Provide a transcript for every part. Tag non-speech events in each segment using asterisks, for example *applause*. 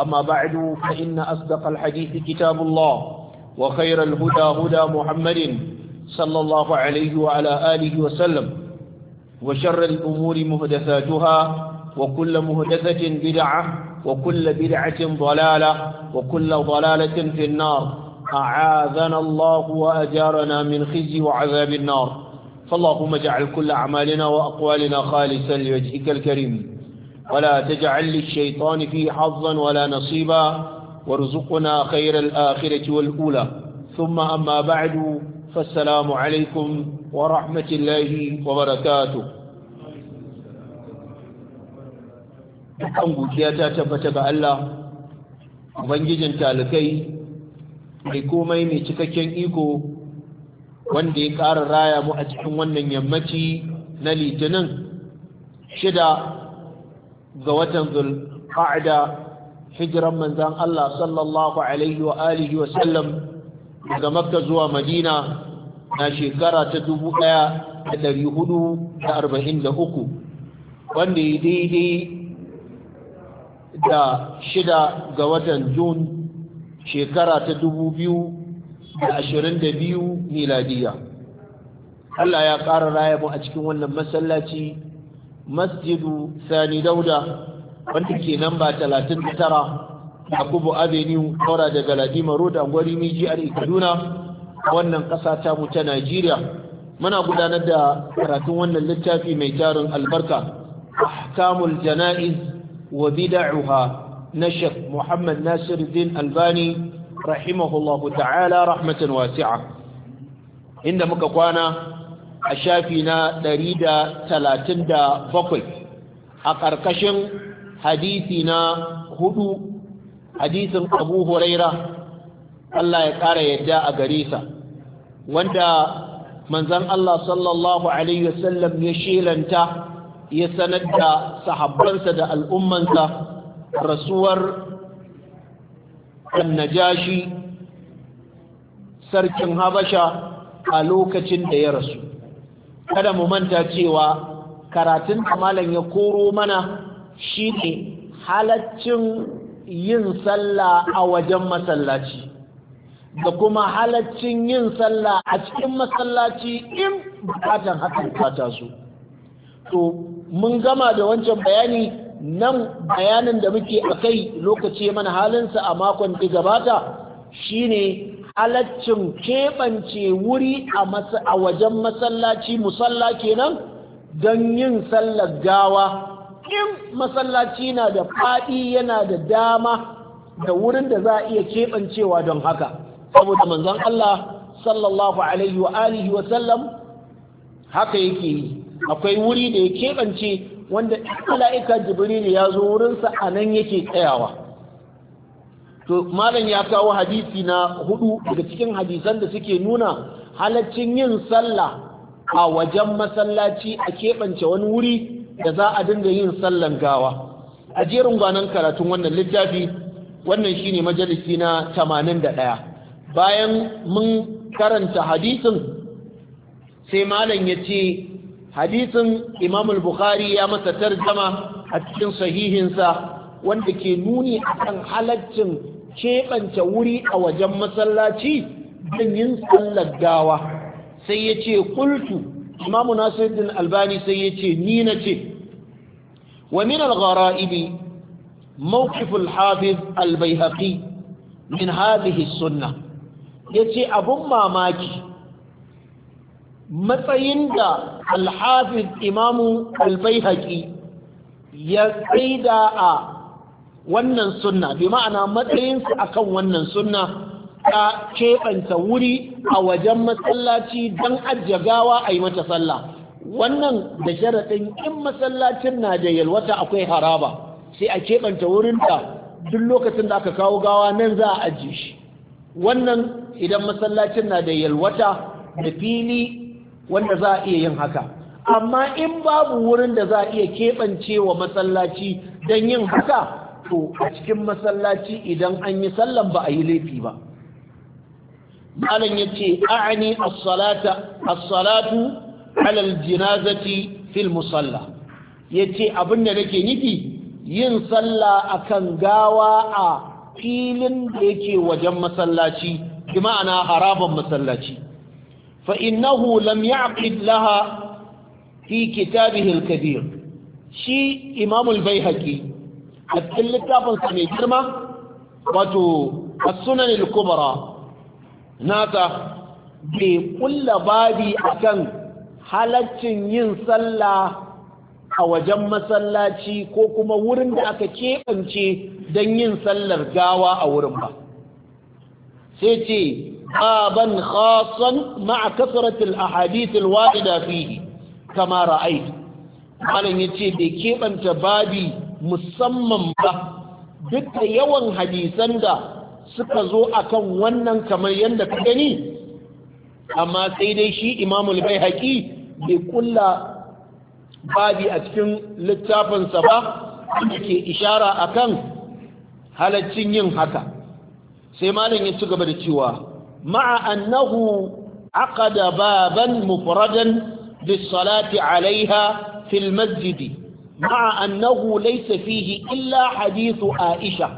أما بعد فإن أصدق الحديث كتاب الله وخير الهدى هدى محمد صلى الله عليه وعلى آله وسلم وشر الأمور مهدثاتها وكل مهدثة بدعة وكل بدعة ضلالة وكل ضلالة في النار أعاذنا الله وأجارنا من خزي وعذاب النار فاللهم اجعل كل أعمالنا وأقوالنا خالصا لوجهك الكريم ولا تجعل للشيطان فيه حظا ولا نصيبا وارزقنا خير الآخرة والأولى ثم أما بعد فالسلام عليكم ورحمة الله وبركاته an gukiya ta tabbata ga Allah ubangijin talikai mai komai mai cikakken iko wanda ya ƙara raya mu a cikin wannan yammaci na litinin shida ga watan zulqa'da hijiran manzan Allah sallallahu alaihi wa alihi wa sallam daga makka zuwa madina na shekara ta 1443 wanda ya daidai da shida ga watan jun shekara ta 2022 miladiya Allah ya ƙara raya mu a cikin wannan masallaci masjidu sani dauda wanda ke namba 39 yakubu avenue kora da galadima road angwari miji a kaduna wannan ƙasa ta mu ta najeriya muna gudanar da karatun wannan littafi mai tarin albarka ahkamul jana'iz wa bid'uha na shek muhammad din albani rahimahullahu ta'ala rahmatan wasi'a inda muka kwana a shafi na 137 a ƙarƙashin hadisi na hudu hadisin abu huraira Allah ya ƙara yadda a gare sa wanda manzan Allah sallallahu Alaihi wasallam ya shelanta ya sanar da sahabbansa da al'ummansa rasuwar annajashi sarkin habasha a lokacin da ya rasu kada mu manta cewa karatun malam ya koro mana shi ne halaccin yin sallah a wajen masallaci da kuma halaccin yin sallah a cikin masallaci in bukatan hakan bukata su to mun gama da wancan bayani nan bayanin da muke a kai lokaci mana halinsa a makon da gabata shine halaccin keɓance wuri a wajen masallaci musalla kenan don yin sallar gawa in masallaci na da faɗi yana da dama da wurin da za a iya keɓancewa don haka saboda manzon Allah sallallahu alaihi wa wa sallam haka yake yi akwai wuri da ya keɓance wanda mala'ika jibril ya zo wurinsa a nan yake tsayawa to malam ya kawo hadisi na hudu daga cikin hadisan da suke nuna halaccin yin sallah a wajen masallaci a keɓance wani wuri da za a dinga yin sallan gawa a jerin gwanon karatun wannan littafi wannan shine majalisi na 81 bayan mun karanta hadisin sai malam ya ce hadisin imam al-bukhari ya masa tarjama a cikin sahihinsa wanda ke nuni akan halaccin keɓance wuri a wajen masallaci don yin sallar gawa sai ya ce kultu imamu nasiruddin albani sai ya ce ni na ce wa min al-ghara'ibi mawqif hafiz al min hadihi sunna sunnah yace abun mamaki matsayin da alhafiz imamu al ya tsaida a wannan sunna bi ma'ana matsayinsu kan wannan sunna ta keɓanta wuri a wajen masallaci don ajiyagawa a yi mata sallah wannan da sharaɗin in masallacin na da yalwata akwai haraba sai a keɓanta wurin da duk lokacin da aka kawo gawa nan za a ajiye shi wannan idan masallacin na da yalwata da fili wanda za a iya yin haka amma in babu wurin da za a iya keɓance wa masallaci don yin haka to a cikin masallaci idan an yi sallan ba a yi laifi ba malam ya ce a'ani as-salatu alal jinazati fil musalla ya ce abinda nake nufi yin sallah akan gawa a filin da yake wajen masallaci bi ma'ana harabar masallaci fa innahu lam ya'qid laha fi kitabihi kabir shi imamul bai haƙi a cikin littafinsa mai girma wato a sunan al-kubra nata bai kulla babi akan halaccin yin sallah a wajen masallaci ko kuma wurin da aka keɓance don yin sallar gawa a wurin ba sai ce baban khasan ma'a kasratil ahadith alwa'ida fihi kama ra'ayt malam yace bai keɓanta babi musamman ba duk yawan hadisan da suka zo akan wannan kamar yadda ka gani amma sai dai shi imamul bai haƙi bai kulla babi a cikin littafinsa ba da ke ishara a kan halaccin yin haka sai malam ya ci gaba da cewa ma'a annahu da Baban مفردا bisalati alaiha fil masjidi ma'a annahu laysa illa hadithu aisha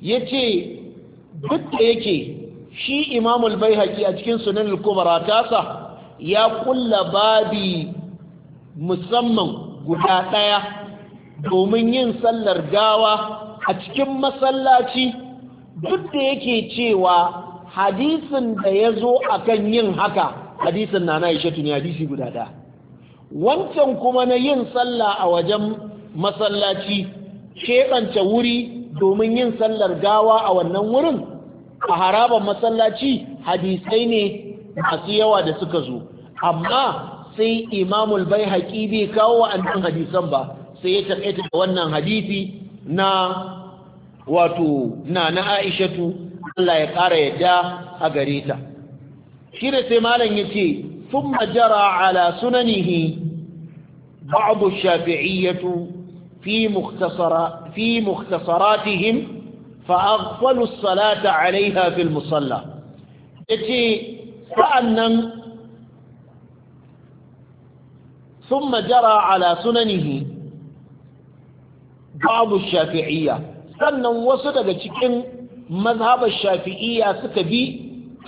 yace duk da yake shi imam al a cikin sunan al-kubra tasa ya kulla babi musamman guda ɗaya domin yin sallar gawa a cikin masallaci duk da yake cewa hadisin da ya zo akan yin haka hadisin na na ishe tuni hadisi guda daya wancan kuma na yin sallah a wajen masallaci keɓance wuri domin yin sallar gawa a wannan wurin a harabar masallaci hadisai ne masu yawa da suka zo amma sai imamul bai haƙi bai kawo wa'annan hadisan ba sai ya taƙaita da wannan hadisi na wato na na aishatu Allah ya ƙara yadda a gare ta shi da sai malam ya ce ثم جرى على سننه بعض الشافعية في, مختصر في مختصراتهم فأغفلوا الصلاة عليها في المصلى يتي فأنا ثم جرى على سننه بعض الشافعية sannan wasu daga cikin mazhabar shafi'iyya suka bi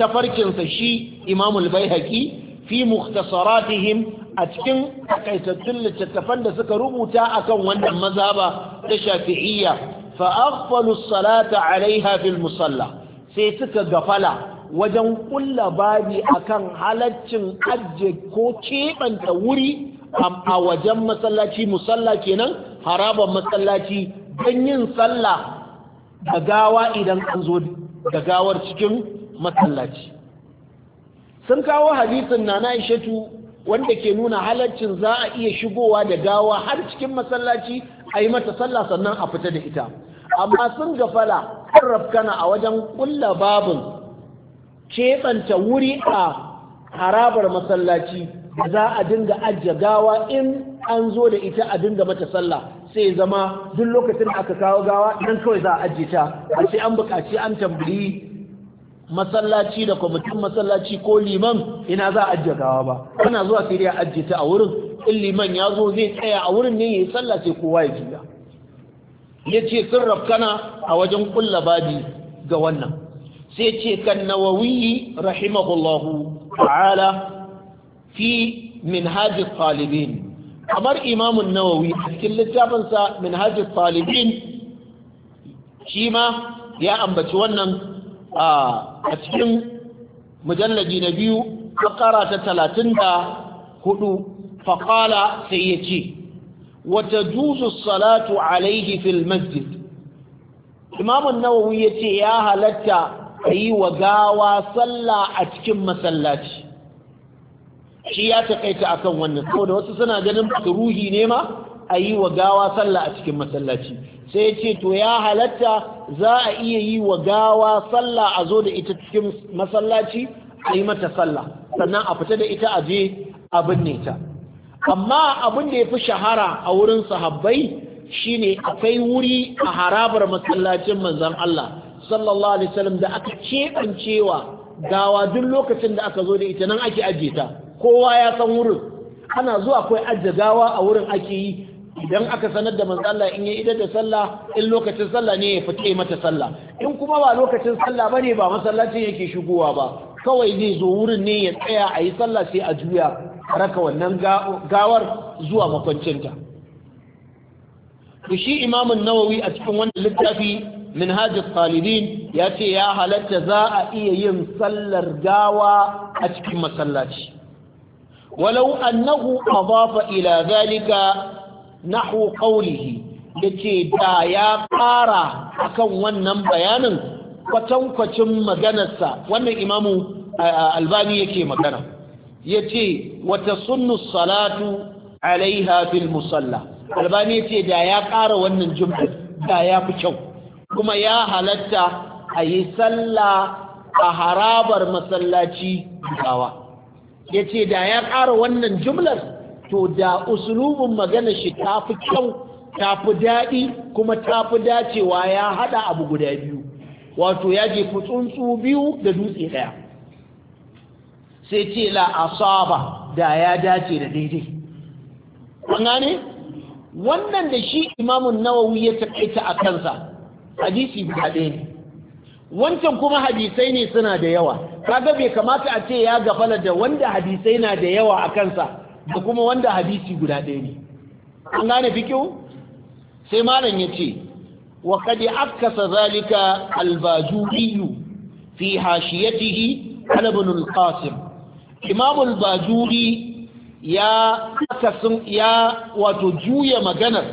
tafarkinsa shi imamul bai haƙi fi mukhtasaratihim a cikin takaitattun littattafan da suka rubuta akan wannan mazhaba ta shafi'iyya fa aghfalu salata alaiha fil musalla sai suka gafala wajen kulla babi akan halaccin ajje ko keɓanta wuri a wajen masallaci musalla kenan haraban masallaci don yin sallah da gawa idan an zo da gawar cikin masallaci sun kawo hadisin na Aishatu wanda ke nuna halaccin za a iya shigowa da gawa har cikin masallaci a yi mata sallah sannan a fita da ita amma sun gafala an kana a wajen kulla babin keɓanta wuri a harabar masallaci za a dinga ajiye gawa in an zo da ita a dinga mata sallah sai zama duk lokacin da aka kawo gawa nan kawai za a ajiye ta a an buƙaci an tambayi masallaci da kwamitin masallaci ko liman ina za a ajiye gawa ba kana zuwa sai dai a ajiye ta a wurin in liman ya zo zai tsaya a wurin ne yayi sallah sai kowa ya jiya ce sun rafkana a wajen kulla babi ga wannan sai ce kan nawawi rahimahullahu ta'ala fi min hajji talibin kamar imamun nawawi a cikin littafinsa min hajji talibin shi ma ya ambaci wannan a cikin mujallaji na biyu fakara ta talatin da hudu faƙala sai ya ce wata juzu salatu alaihi fil masjid imamun nawawi ya ce ya halatta a yi wa gawa sallah a cikin masallaci shi ya taƙaita akan wannan saboda wasu suna ganin ruhi ne ma a yi wa gawa sallah a cikin masallaci sai ce to ya halatta za a iya yi wa gawa sallah a zo da ita cikin masallaci a yi mata sallah sannan a fita da ita a je a binne ta amma abin da ya fi shahara a wurin sahabbai shine akwai wuri a harabar masallacin manzon Allah sallallahu alaihi wasallam da aka cewa gawa duk lokacin da aka zo da ita nan ake ajiye ta kowa ya san wurin ana zuwa akwai ajiye gawa a wurin ake yi idan aka sanar da manzo Allah in ya idar da sallah in lokacin sallah ne ya fice mata sallah in kuma ba lokacin sallah bane ba masallacin yake shigowa ba kawai zai zo wurin ne ya tsaya a yi sallah sai a juya raka wannan gawar zuwa makwancinta Ku shi imamun nawawi a cikin wannan littafi minhaj al-talibin ya ce ya halatta za a iya yin sallar gawa a cikin masallaci walau annahu adafa ila zalika nahu qawlihi yace da ya ƙara akan wannan bayanin kwatankwacin maganarsa wannan imamu albani yake magana yace wata sunnu salatu alaiha fil musalla albani yace da ya ƙara wannan jumla da ya fi kyau kuma ya halatta a yi sallah a harabar masallaci gawa yace da ya ƙara wannan jumlar to da usulubin magana shi ta fi kyau ta fi daɗi kuma ta fi dacewa ya haɗa abu guda biyu wato ya jefi tsuntsu biyu da dutse ɗaya sai ce la asaba da ya dace da daidai an gane wannan da shi imamun nawawi ya taƙaita a kansa hadisi guda ɗaya ne wancan kuma hadisai ne suna da yawa kaga bai kamata a ce ya gafala da wanda hadisai na da yawa a kansa da kuma wanda hadisi guda ɗaya ne an gane fikihu sai malam ya ce wa kadi akasa zalika albajuriyu fi hashiyatihi ibn qasim imam bajuri ya akasin ya wato juya maganar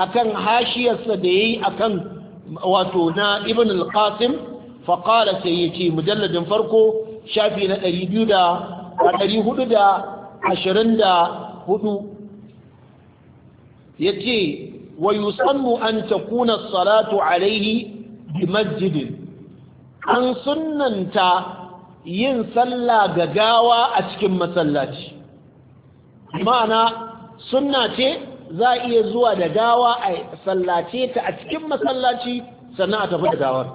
akan hashiyarsa da yayi akan wato na ibn al-qasim fa qala sai yace mujalladin farko shafi na 200 da ashirin da hudu ya ce wa sannu an takuna salatu alaihi bi masjidin an sunanta yin sallah ga gawa a cikin masallaci ma'ana suna ce za a iya zuwa da gawa a sallace ta a cikin masallaci sannan a tafi da gawar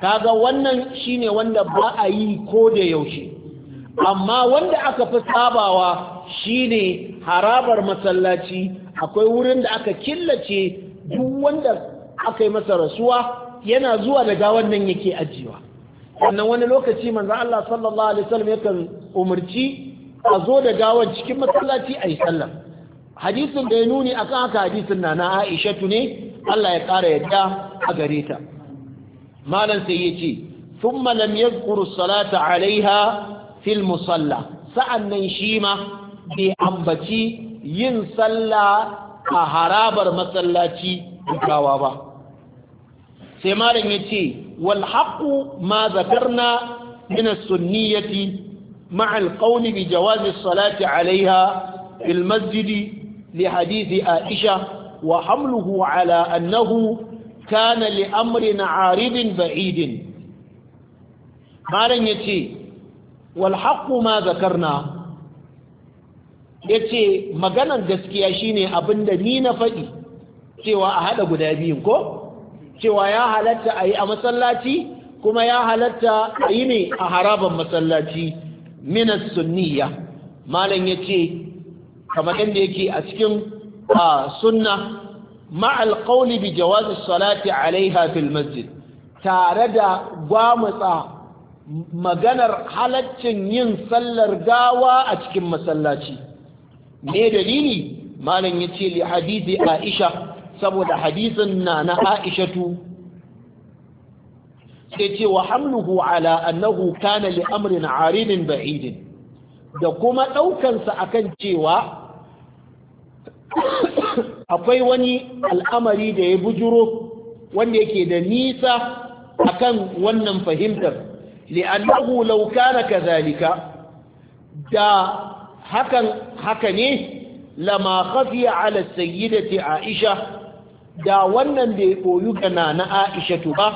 ga wannan shine wanda ba a yi ko da yaushe amma wanda aka fi sabawa shine harabar masallaci akwai wurin da aka killace duk wanda aka yi masa rasuwa yana zuwa da gawan nan yake ajiyewa Wannan wani lokaci manzo Allah sallallahu alaihi wasallam yakan umarci a zo da gawan cikin masallaci a yi sallah hadisin da ya nuni akan haka hadisin na na Aisha ne Allah ya kara yadda a gare ta malam sai yace thumma lam yadhkuru salata alaiha fil sa'an nan shi ma bai ambaci yin sallah a harabar masallaci gawa ba sai malam ya ce wal haqu ma zakarna min as-sunniyati ma al qawli bi jawaz as-salati 'alayha fil masjid li hadith Aisha wa hamluhu 'ala annahu kana li amrin 'arid ba'id malam ya ce wal ma zakarna yace maganan gaskiya shine abinda ni na faɗi cewa a haɗa guda biyun ko cewa ya halatta a yi a masallaci kuma ya halatta a yi ne a haraban masallaci minas sunniya malam yace kamar yadda yake a cikin sunna ma'al qawli bi jawaz salati alaiha fil masjid tare da gwamutsa maganar halaccin yin sallar gawa a cikin masallaci me dalili malam ya ce li hadisi aisha saboda hadisin na na Aisha tu. sai ce wa hamluhu ala annahu kana li amrin aridin ba'idin da kuma ɗaukansa akan cewa akwai wani al'amari da ya bujuro wanda yake da nisa akan wannan fahimtar li'annahu law kana kadhalika da hakan haka ne lama khafiya ala sayyidati aisha da wannan bai koyu ga nana aisha ba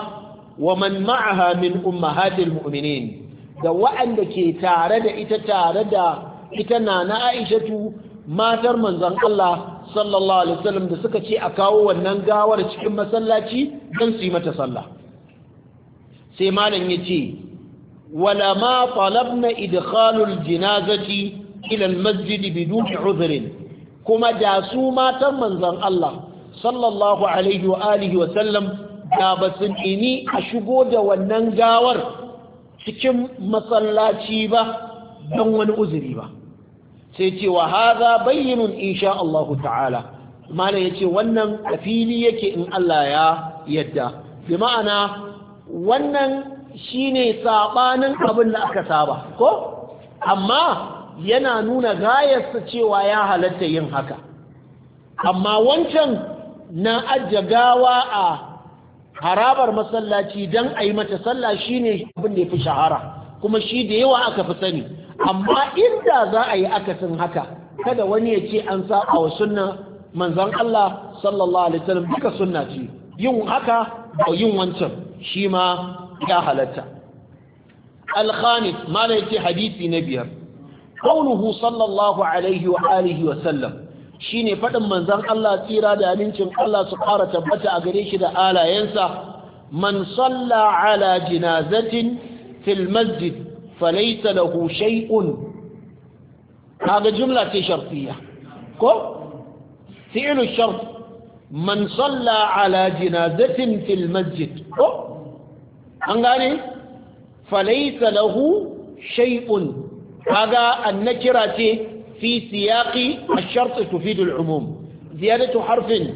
wa man ma'aha min ummahatil mu'minin da wa'anda ke tare da ita tare da ita nana aisha matar manzon Allah sallallahu alaihi wasallam da suka ce a kawo wannan gawar cikin masallaci don su yi mata sallah sai malam ya ce. Walama ma talabna idkhalul jinazati ila almasjid biduni udhrin kuma da su matan manzon Allah sallallahu alaihi wa alihi wa sallam da basu ini a shigo da wannan gawar cikin masallaci ba don wani uzuri ba sai ce wa haza bayyinun insha Allah ta'ala malam yace wannan a fili yake in Allah ya yadda bi ma'ana wannan Shi ne saɓanin abin da aka saba ko amma yana nuna gayarsa cewa ya halatta yin haka amma wancan na ajiye gawa a harabar masallaci don a yi mata sallah ne abin da ya fi shahara kuma shi da yawa aka fi sani amma inda za a yi akasin haka kada wani ya ce an saɓa wa sunna manzan Allah sallallahu alaihi wasallam duka sunna ce yin haka da yin wancan shi ma ya halatta al-khamis mala yace hadisi na biyar qawluhu sallallahu alaihi wa alihi wa sallam shine fadin manzan Allah tsira da amincin Allah su fara tabbata a gare shi da alayensa man salla ala jinazatin fil masjid falaysa lahu shay'un kaga jumla ce shartiyya ko fi'lu shart man salla ala jinazatin fil masjid ko an gane falaisa lahu shay'un kaga annakira ce fi siyaqi ash-shart tufidu al-umum ziyadatu harfin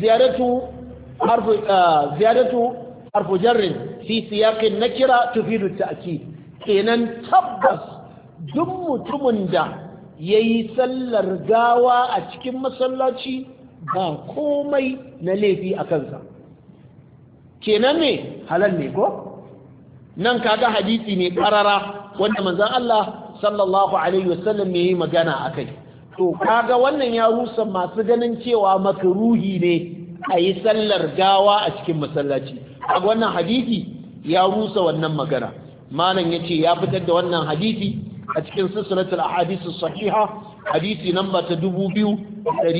ziyadatu harf ah, ziyadatu harf jar fi siyaqi an-nakira tufidu at-ta'kid kenan tabbas duk mutumin da yayi sallar gawa a cikin masallaci ba komai na laifi a kansa kenan ne halal ne ko nan kaga hadisi ne karara wanda manzon Allah sallallahu alaihi wasallam ya yi magana akai to kaga wannan ya rusa masu ganin cewa makruhi ne a yi sallar gawa a cikin masallaci a wannan hadisi ya rusa wannan magana malam yace ya fitar da wannan hadisi a cikin silsilatul ahadith sahiha hadisi namba ta dubu biyu da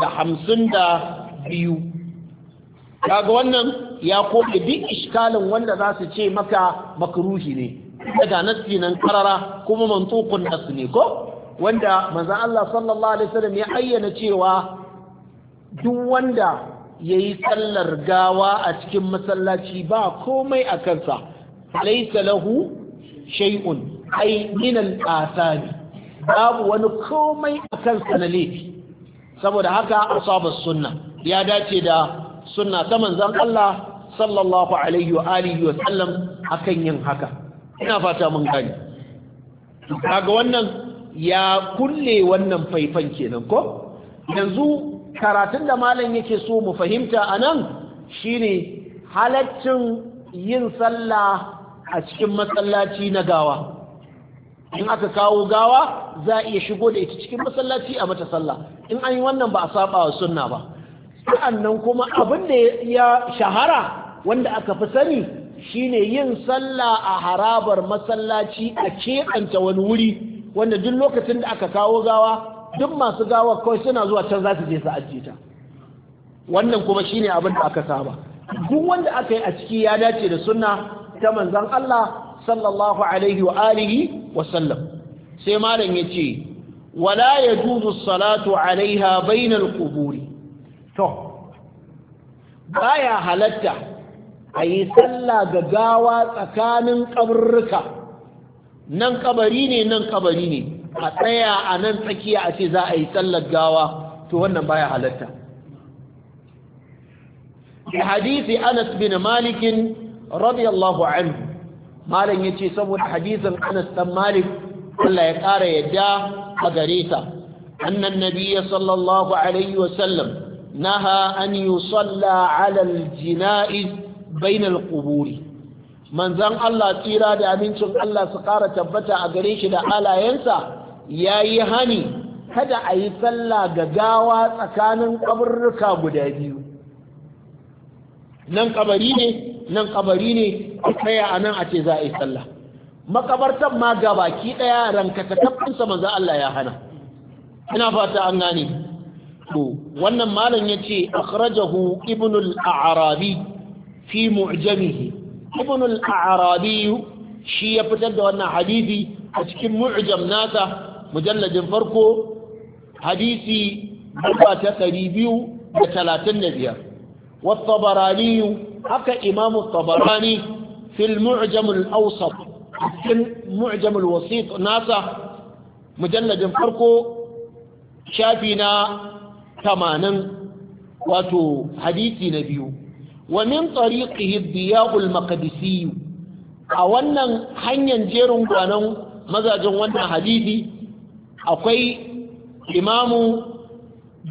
da hamsin biyu kaga wannan ya kore duk iskalin wanda za su ce maka makruhi ne daga nassi nan karara kuma mantukun nasu ne ko wanda manzon Allah sallallahu alaihi wasallam ya ayyana cewa duk wanda yayi sallar gawa a cikin masallaci ba komai a kansa laysa lahu shay'un ay min al babu wani komai a kansa na laifi saboda haka asabas sunna ya dace da sunna ta manzan Allah sallallahu alaihi wa alihi wa sallam akan yin haka ina fata mun gani kaga wannan ya kulle wannan faifan kenan ko yanzu karatun da malam yake so mu fahimta anan shine halaccin yin sallah a cikin masallaci na gawa in aka kawo gawa za a iya shigo da ita cikin masallaci a mata sallah in an yi wannan ba a saba wa sunna ba nan kuma abin da ya shahara wanda aka fi sani shine yin sallah a harabar masallaci a keɓanta wani wuri wanda duk lokacin da aka kawo gawa duk masu gawa kawai suna zuwa can za su je su ajiye ta wannan kuma shine abin da aka saba duk wanda aka yi a ciki ya dace da sunna ta manzon Allah sallallahu alaihi wa alihi wa sallam sai malam yace wala yajuzu salatu alaiha bainal quburi to baya halatta a yi sallah ga gawa tsakanin kaburruka nan kabari ne nan kabari ne a tsaya a nan tsakiya a ce za a yi sallar gawa to wannan baya halatta da hadisi anas bin malikin radiyallahu anhu malam ya ce saboda hadisin anas dan malik Allah ya ƙara yadda a gare ta annan nabiya sallallahu alaihi wasallam نهى أن يصلى على الجنائز بين القبور من ذن الله تيرا دا أمينتم الله سقارة تبتا أغريش دا a ينسى يا يهني kada أي yi sallah ga gawa tsakanin kaburruka guda biyu nan kabari ne nan kabari ne a tsaya a nan a ce za a yi sallah makabartan ma ga baki ɗaya ranka ta manzo Allah ya hana ina fata an gane to wannan malam yace akhrajahu ibn al-a'rabi fi mu'jamihi ibn al-a'rabi shi ya fitar da wannan hadisi a cikin mu'jam nasa mujalladin farko hadisi ba ta 235 wa tabarani haka imam tabarani fi al-mu'jam al-awsat cikin mu'jam al-wasit nasa mujalladin farko shafi na tamanin wato hadisi na biyu wa min tsariƙihi diya'ul makadisiyu a wannan hanyar jerin gwanan mazajen wannan hadisi akwai imamu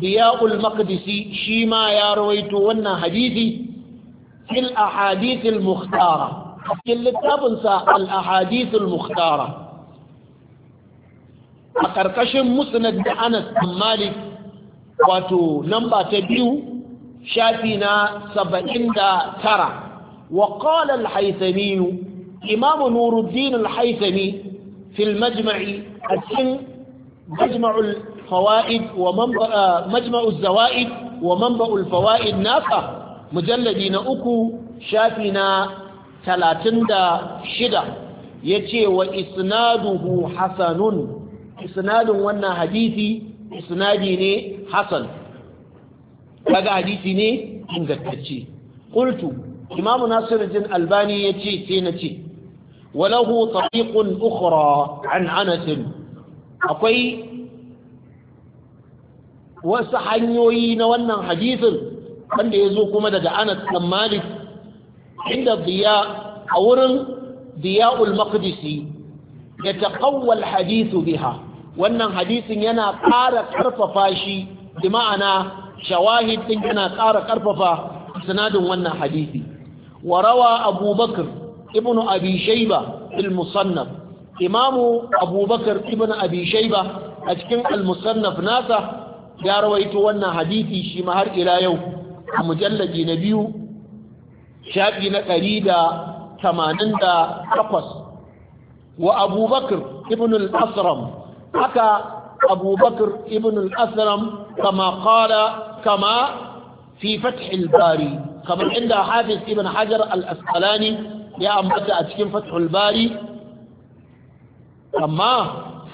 diya'ul makadisi shi ma ya rawaito wannan hadisi fil mukhtara littafinsa al ahadithil mukhtara a ƙarƙashin musnad da anas malik wato namba ta biyu shafi na saba'in da tara wa qala Imamu haythami imam nuruddin al-haythami cikin majma'u fawaid wa mambaul zawaid wa manba'u fawaid nasa mujalladi na uku shafi na talatin da shida ya ce wa isnaduhu hasanun isnadun wannan hadisi isnadi ne Hassan. Daga hadisi ne ingantacce qultu imam nasiruddin albani yace sai na ce walahu tariqun ukhra an anas akwai wasu hanyoyi na wannan hadisin wanda ya zo kuma daga anas dan malik inda diya a wurin diya'ul maqdisi ya taqawwal hadisu biha wannan hadisin yana ƙara ƙarfafa shi bi ma'ana shawahid ɗin yana ƙara ƙarfafa sanadin wannan hadisi wa rawa abubakar ibnu abi shayba fil musannaf imamu abubakar ibnu abi a cikin al musannaf nasa ya rawaito wannan hadisi shi ma har ila yau a mujallaji na biyu shafi na ɗari da tamanin da takwas wa abubakar Ibn al-asram haka abubakar bakar ibn al-asram kama qala kama fi fath bari kamar inda hafiz ibn hajar al-asqalani ya ambata a cikin fath al-bari amma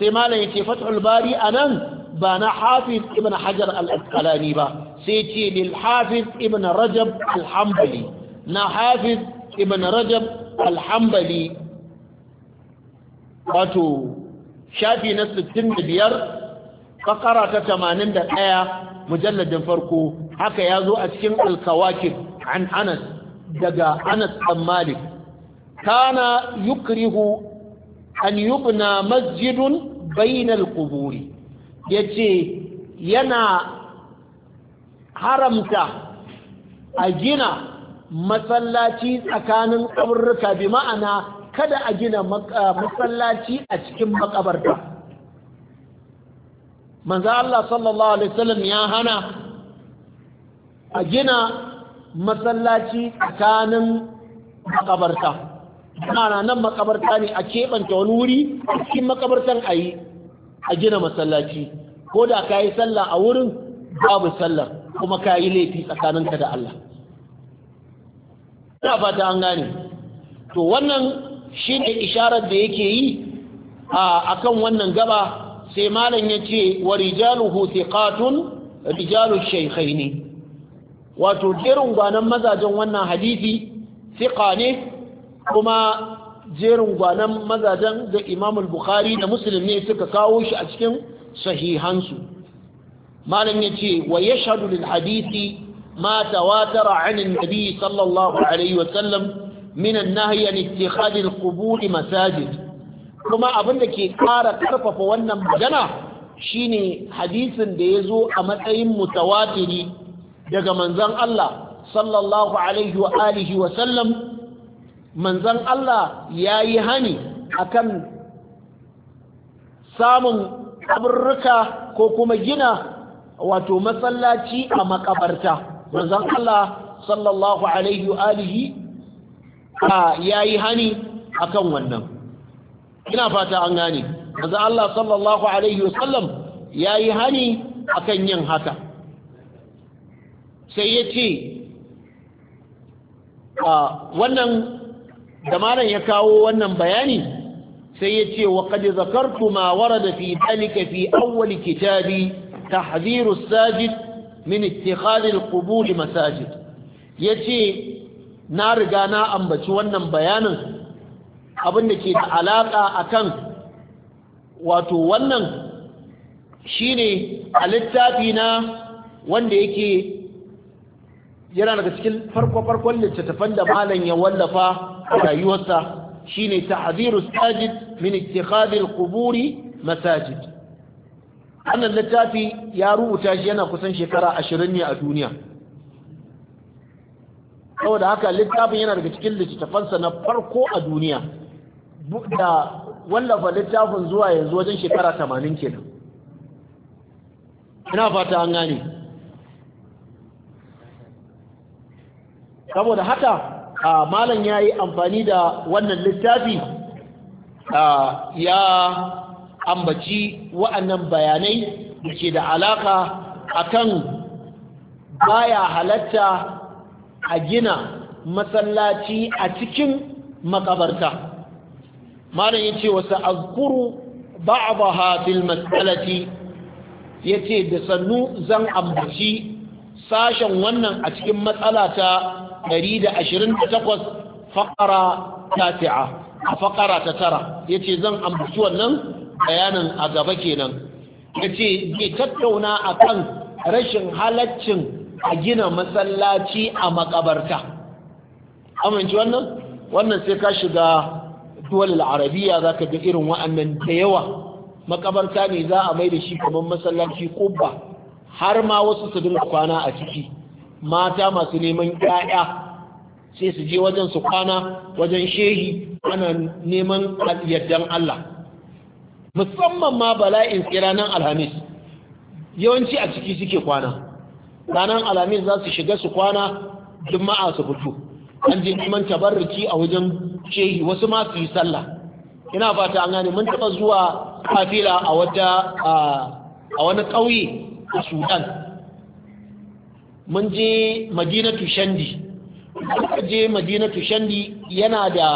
sai malam yake fath al-bari anan ba na hafiz ibn hajar al-asqalani ba sai ce lil hafiz ibn rajab al-hanbali na hafiz ibn rajab al-hanbali wato shafi na 65 fakara ta 81 mujalladin farko haka ya zo a cikin alkawakin an anas daga anas dan malik kana yukrihu an yubna masjidun bainal ya yace yana haramta a gina masallaci tsakanin kaburruka bi ma'ana kada a gina masallaci a cikin makabarta manzo Allah sallallahu alaihi wasallam ya hana a gina masallaci tsakanin makabarta ana nan makabarta ne a keɓanta wani wuri cikin makabartan a yi a gina masallaci ko da ka yi sallah a wurin babu sallah, kuma ka yi laifi tsakaninka da Allah ina fata an gane to wannan shi ne isharar da yake yi a akan wannan gaba sai malam ya ce wa rijaluhu thiqatun rijalu shaykhaini wato jerin gwanan mazajen wannan hadisi thiqa ne kuma jerin gwanan mazajen da Imam al-Bukhari da Muslim ne suka kawo shi a cikin sahihansu malam ya ce wa yashhadu lil hadisi ma tawatara 'an nabi sallallahu alaihi wa sallam minan nahyi an ittikhad al masajid kuma abin da ke ƙara ƙarfafa wannan magana shine hadisin da ya zo a matsayin mutawatiri daga manzon Allah sallallahu alaihi wa alihi wa sallam manzon Allah ya yi hani akan samun kaburruka ko kuma gina wato masallaci a makabarta manzon Allah sallallahu alaihi wa alihi a yayi hani kan wannan ina fata an gani. manzo Allah sallallahu alaihi wasallam yi hani a kan yin haka sai ya ce wannan da malam ya kawo wannan bayani sai ya ce wa Zakar zakartu ma da fi dalika fi awwali kitabi Hadiru sajid min ittihadin al-qubur masajid ce. na riga na ambaci wannan bayanin abin da ke da alaƙa kan wato wannan ne a littafi na wanda yake yana daga cikin farko-farkon littattafan da malam ya wallafa a rayuwarsa shine tahziru sajid min ittikhadhi Kuburi quburi masajid wannan littafi ya rubuta shi yana kusan shekara ashirin ne a duniya saboda haka littafin yana daga cikin littattafansa na farko a duniya da wallafa littafin zuwa yanzu wajen shekara tamanin kenan ina fata an gane saboda haka malam ya yi amfani da wannan littafi ya ambaci wa'annan bayanai da ke da alaka akan baya halatta a gina masallaci a cikin makabarta malam yace wasa azkuru ba'daha fil mas'alati yace da sannu zan ambaci sashen wannan a cikin matsala ta 128 faqara tati'a a faqara ta tara yace zan ambaci wannan bayanin a gaba kenan yace zai tattauna akan rashin halaccin a gina masallaci a makabarta amince wannan wannan sai ka shiga duwal arabiya za ka ga irin wa'annan da yawa makabarta ne za a mai da shi kamar masallaci kubba har ma wasu su dinga kwana a ciki mata masu neman 'ya'ya sai su je wajen su kwana wajen shehi ana neman yardan Allah musamman ma bala'in nan alhamis yawanci a ciki suke kwana ranar alamin za su shiga su kwana juma'a su fito an je neman tabarruki a wajen shehi wasu ma su yi sallah ina fata an gane mun taɓa zuwa kafila a wata a wani ƙauye a sudan mun je madinatu shandi je madinatu shandi yana da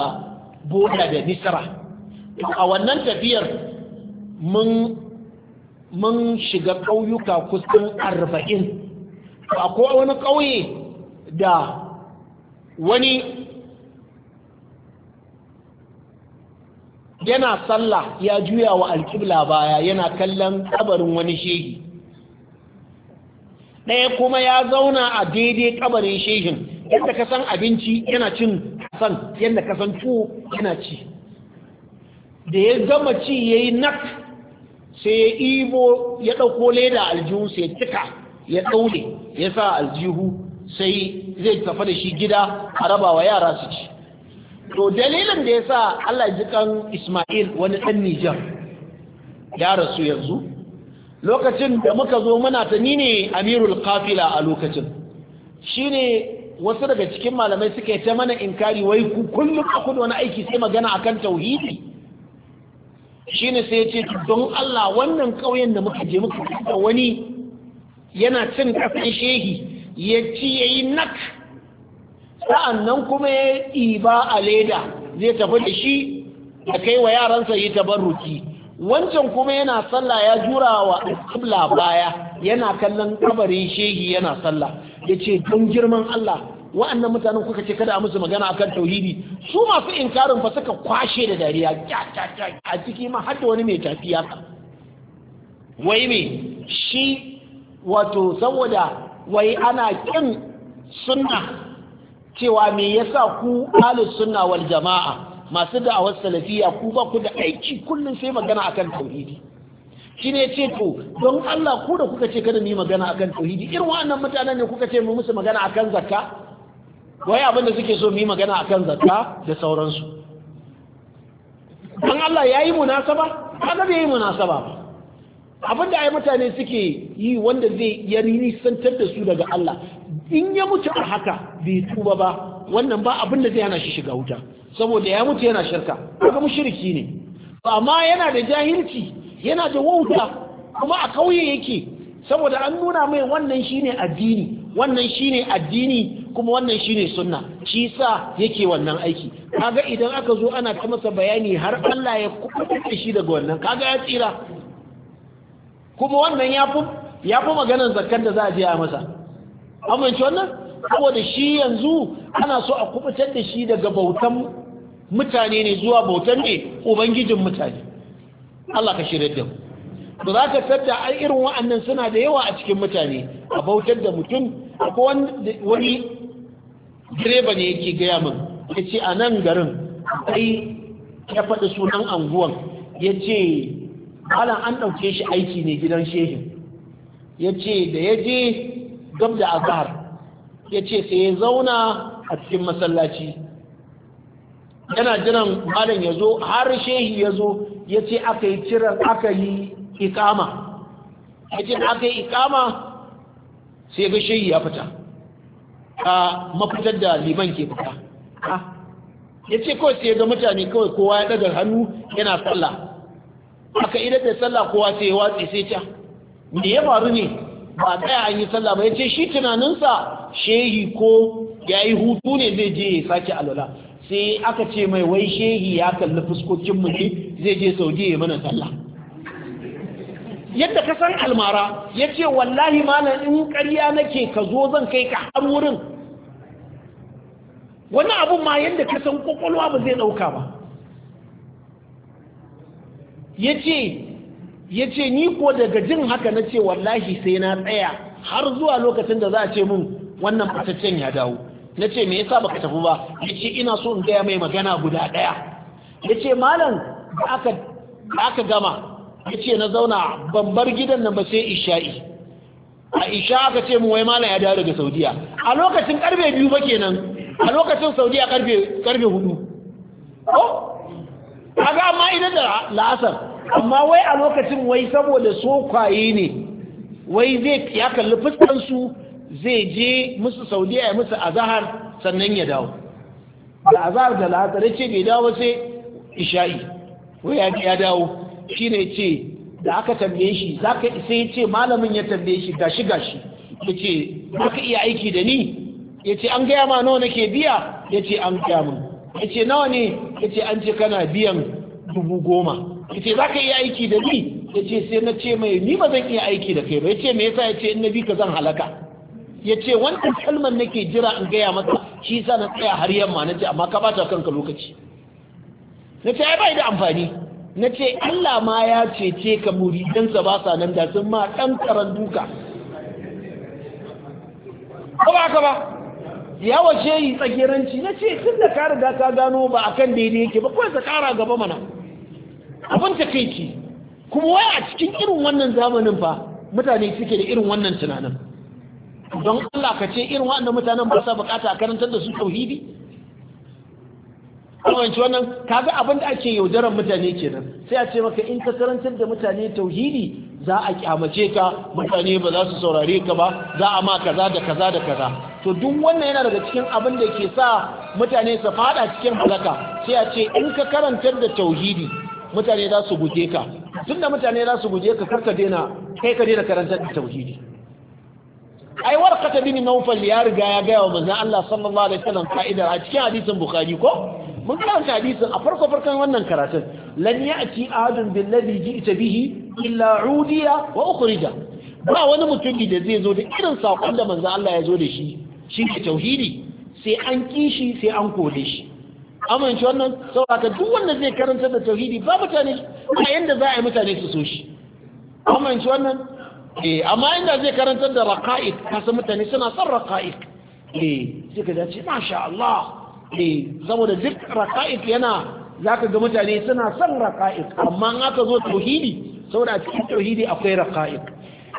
boda da nisra a wannan tafiyar mun mun shiga ƙauyuka kusan arba'in akwai wani ƙauye da wani yana sallah ya juya wa alkibla baya yana kallon kabarin wani shehi ɗaya kuma ya zauna a daidai kabarin shehin yadda ka san abinci yana cin kasan yadda ka san tuwo yana ci da ya gama ci ya yi nak sai ya ibo ya ɗauko leda aljihunsa ya cika ya ɗaule ya sa aljihu sai zai tafa da shi gida a raba wa yara su ci to dalilin da ya sa Allah ji kan Ismail wani ɗan Nijar ya rasu yanzu lokacin da muka zo muna ta ni ne amirul kafila a lokacin shine wasu daga cikin malamai suka ta mana inkari wai ku kullum a kudu wani aiki sai magana akan tauhidi shine sai ya ce don Allah wannan ƙauyen da muka je muka da wani yana cin kasan shehi ya ci ya yi nak sa'an nan kuma ya ɗiba a leda zai tafi da shi da kai wa yaransa yi tabarruki wancan kuma yana sallah ya jura wa alƙibla baya yana kallon kabarin shehi yana sallah ya ce don girman Allah wa'annan mutanen kuka ce kada a musu magana akan tauhidi su masu inkarin fa suka kwashe da dariya a ciki ma har wani mai tafiya ka wai me shi wato saboda wai ana kin sunna cewa me yasa ku alus sunna wal jama'a masu da'awar salafiya ku ba ku da aiki kullum sai magana akan tauhidi shi ne ce to don Allah ku da kuka ce kada ni magana akan tauhidi irin wannan mutanen ne kuka ce mu musu magana akan zakka wai abin da suke so mu yi magana akan zakka da sauransu dan Allah yayi munasaba kada bai yi munasaba ba abin da ai mutane suke yi wanda zai ya nisantar da su daga Allah in ya mutu a haka bai tuba ba wannan ba abin da zai hana shi shiga wuta saboda ya mutu yana shirka kuma mushriki ne amma yana da jahilci yana da wauta kuma a kauye yake saboda an nuna mai wannan shine addini wannan shine addini kuma wannan shine sunna shi sa yake wannan aiki kaga idan aka zo ana ta masa bayani har Allah ya kuɓuta shi daga wannan kaga ya tsira kuma wannan ya fi ya maganar zakar da za a biya masa amince wannan saboda shi yanzu ana so a kubutar da shi daga bautan mutane ne zuwa bautan ne ubangijin mutane Allah ka shirya da mu za ka tatta ai irin wa'annan suna da yawa a cikin mutane a bautar da mutum akwai wani direba ne yake gaya min ya ce a nan garin ai ya faɗi sunan anguwan ya ce malam an ɗauke shi aiki ne gidan shehin ya ce da ya je gab da azhar ya ce sai ya zauna a cikin masallaci yana jiran malam ya zo har shehi ya zo ya ce aka yi cira aka yi ikama ya ce aka yi ikama sai ga shehi ya fita a mafitar da liman ke fita ah, ya ce kawai sai ga mutane kawai kowa ya ɗaga hannu yana sallah aka idan da sallah kowa sai ya watsi sai ta me ya faru ne ba daya an yi sallah ba ya ce shi tunaninsa shehi ko ya yi hutu ne zai je ya sake alwala sai aka ce mai wai shehi ya kalli fuskokin mu ne zai je saudi ya mana sallah yadda ka san almara ya ce wallahi malam in karya nake ka zo zan kai ka har wurin wani abun ma yadda ka san kwakwalwa ba zai ɗauka ba ya ce ni ko daga jin haka na ce wallahi sai na tsaya har zuwa lokacin da za a ce mun wannan fataccen ya dawo na ce me yasa baka tafi ba ya ce ina so in gaya mai magana guda ɗaya ya ce malam da aka gama ya ce na zauna ban gidan nan ba sai isha'i a isha aka ce mu wai malam ya dawo daga saudiya a lokacin karfe biyu ba kenan a lokacin saudiya karfe hudu kaga amma idan da la'asar amma wai a lokacin wai saboda so kwaye ne wai zai ya kalli fuskansu zai je musu saudiya ya musu azahar sannan ya dawo da azahar da la'asar ya ce bai dawo sai isha'i wai ya dawo shi ne ce da aka tambaye shi za ka sai ya ce malamin ya tambaye shi gashi gashi ya ce iya aiki da ni ya ce an gaya ma nawa nake biya ya ce an gaya mun ya ce nawa ne ya ce an ce kana biyan dubu goma ya ce za ka iya aiki da ni ya ce sai na ce mai ni ba zan iya aiki da kai ba ya ce me yasa ya ce in na bi ka zan halaka ya ce wannan kalmar nake jira in gaya masa shi sa na tsaya har yamma na ce amma ka bata kanka lokaci na ce ai ba da amfani na ce Allah ma ya cece ka muridansa ba sa nan da sun ma ɗan karan duka ba ba ya waje yi tsagiranci na ce tun da ka da ta gano ba a kan daidai yake ba kawai ka kara gaba mana abin ta kai ki kuma waya a cikin irin wannan zamanin fa mutane suke da irin wannan tunanin don Allah ka ce irin wannan mutanen ba sa bukata a karantar da su tauhidi kawanci wannan kaga abin da ake yaudaran mutane kenan sai a ce maka in ka karantar da mutane tauhidi za a kyamace ka mutane ba za su saurare ka ba za a ma kaza da kaza da kaza to duk wannan yana daga cikin abin da ke sa mutane su fada cikin halaka sai a ce in ka karantar da tauhidi mutane za su guje ka da mutane za su guje ka karka dena. kai ka dena karantar da tauhidi ai warqata bin nawfal ya riga ya gaya wa manzon Allah sallallahu alaihi wasallam a cikin hadisin bukhari ko mun karanta hadisin a farko farkon wannan karatun lan ya'ti adun bil ladhi ji'ta bihi illa udiya wa ukhrija ba wani mutumi da zai zo da irin sakon da manzon Allah ya zo da shi shi ne tauhidi sai an kishi sai an kore shi amince wannan saboda duk wanda zai karanta da tauhidi ba mutane ba yanda za a yi mutane su so shi amince wannan eh amma inda zai karanta da raqa'iq kasa mutane suna son raqa'iq eh sai ka ce masha Allah eh saboda duk raqa'iq yana zaka ga mutane suna son raqa'iq amma in aka zo tauhidi saboda a cikin tauhidi akwai raqa'iq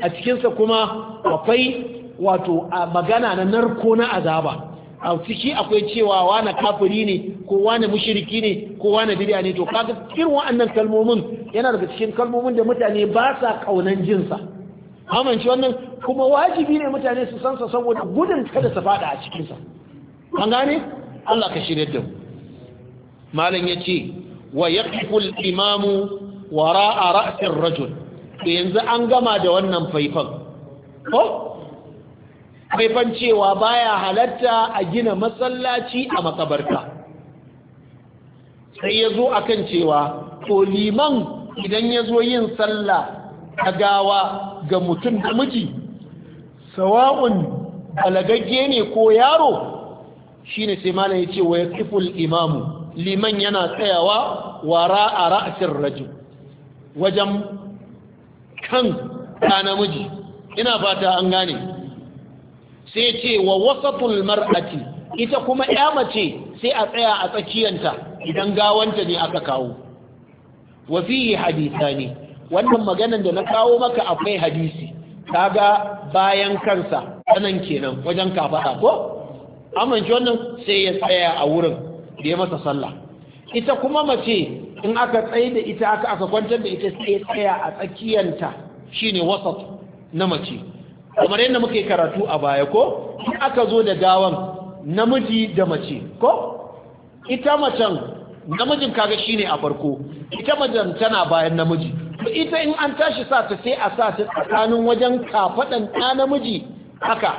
a cikinsa kuma akwai wato a magana na narko na azaba a ciki akwai cewa wani kafiri ne ko wani mushiriki ne ko wani bidiya ne to kaga irin wa'annan kalmomin yana daga cikin kalmomin da mutane ba sa kaunan jinsa amince wannan kuma wajibi ne mutane su san sa saboda gudun kada sa fada a cikin sa an gane Allah ka shirye da mu malam yace wa yaqifu al-imamu wara'a ra'si ar-rajul to yanzu an gama da wannan faifan ko faifan cewa baya halatta a gina masallaci a makabarta sai ya zo a kan cewa to liman idan ya zo yin sallah ta gawa ga mutum da miji, sawa'un balagagge ne ko yaro shine sai malam ya ce wa yaqiful imamu liman yana tsayawa wara a ra'asir raju. wajen kan ta namiji ina fata an gane sai ce wa wasatul mar'ati ita kuma ya mace sai a tsaya a tsakiyanta idan gawanta ne aka kawo wa fihi ne. wannan maganan da na kawo maka akwai hadisi kaga bayan kansa sanan kenan wajen kafaɗa ko amince wannan sai ya tsaya a wurin da ya masa sallah ita kuma mace in aka tsaye da ita aka aka kwantar da ita sai ya tsaya a tsakiyanta shine wasat na mace kamar yadda muke karatu a baya ko in aka zo da gawan namiji da mace ko ita macen namijin kaga shine a farko ita macen tana bayan namiji to ita in an tashi sa ta sai a sa ta tsakanin wajen kafadan ɗa namiji haka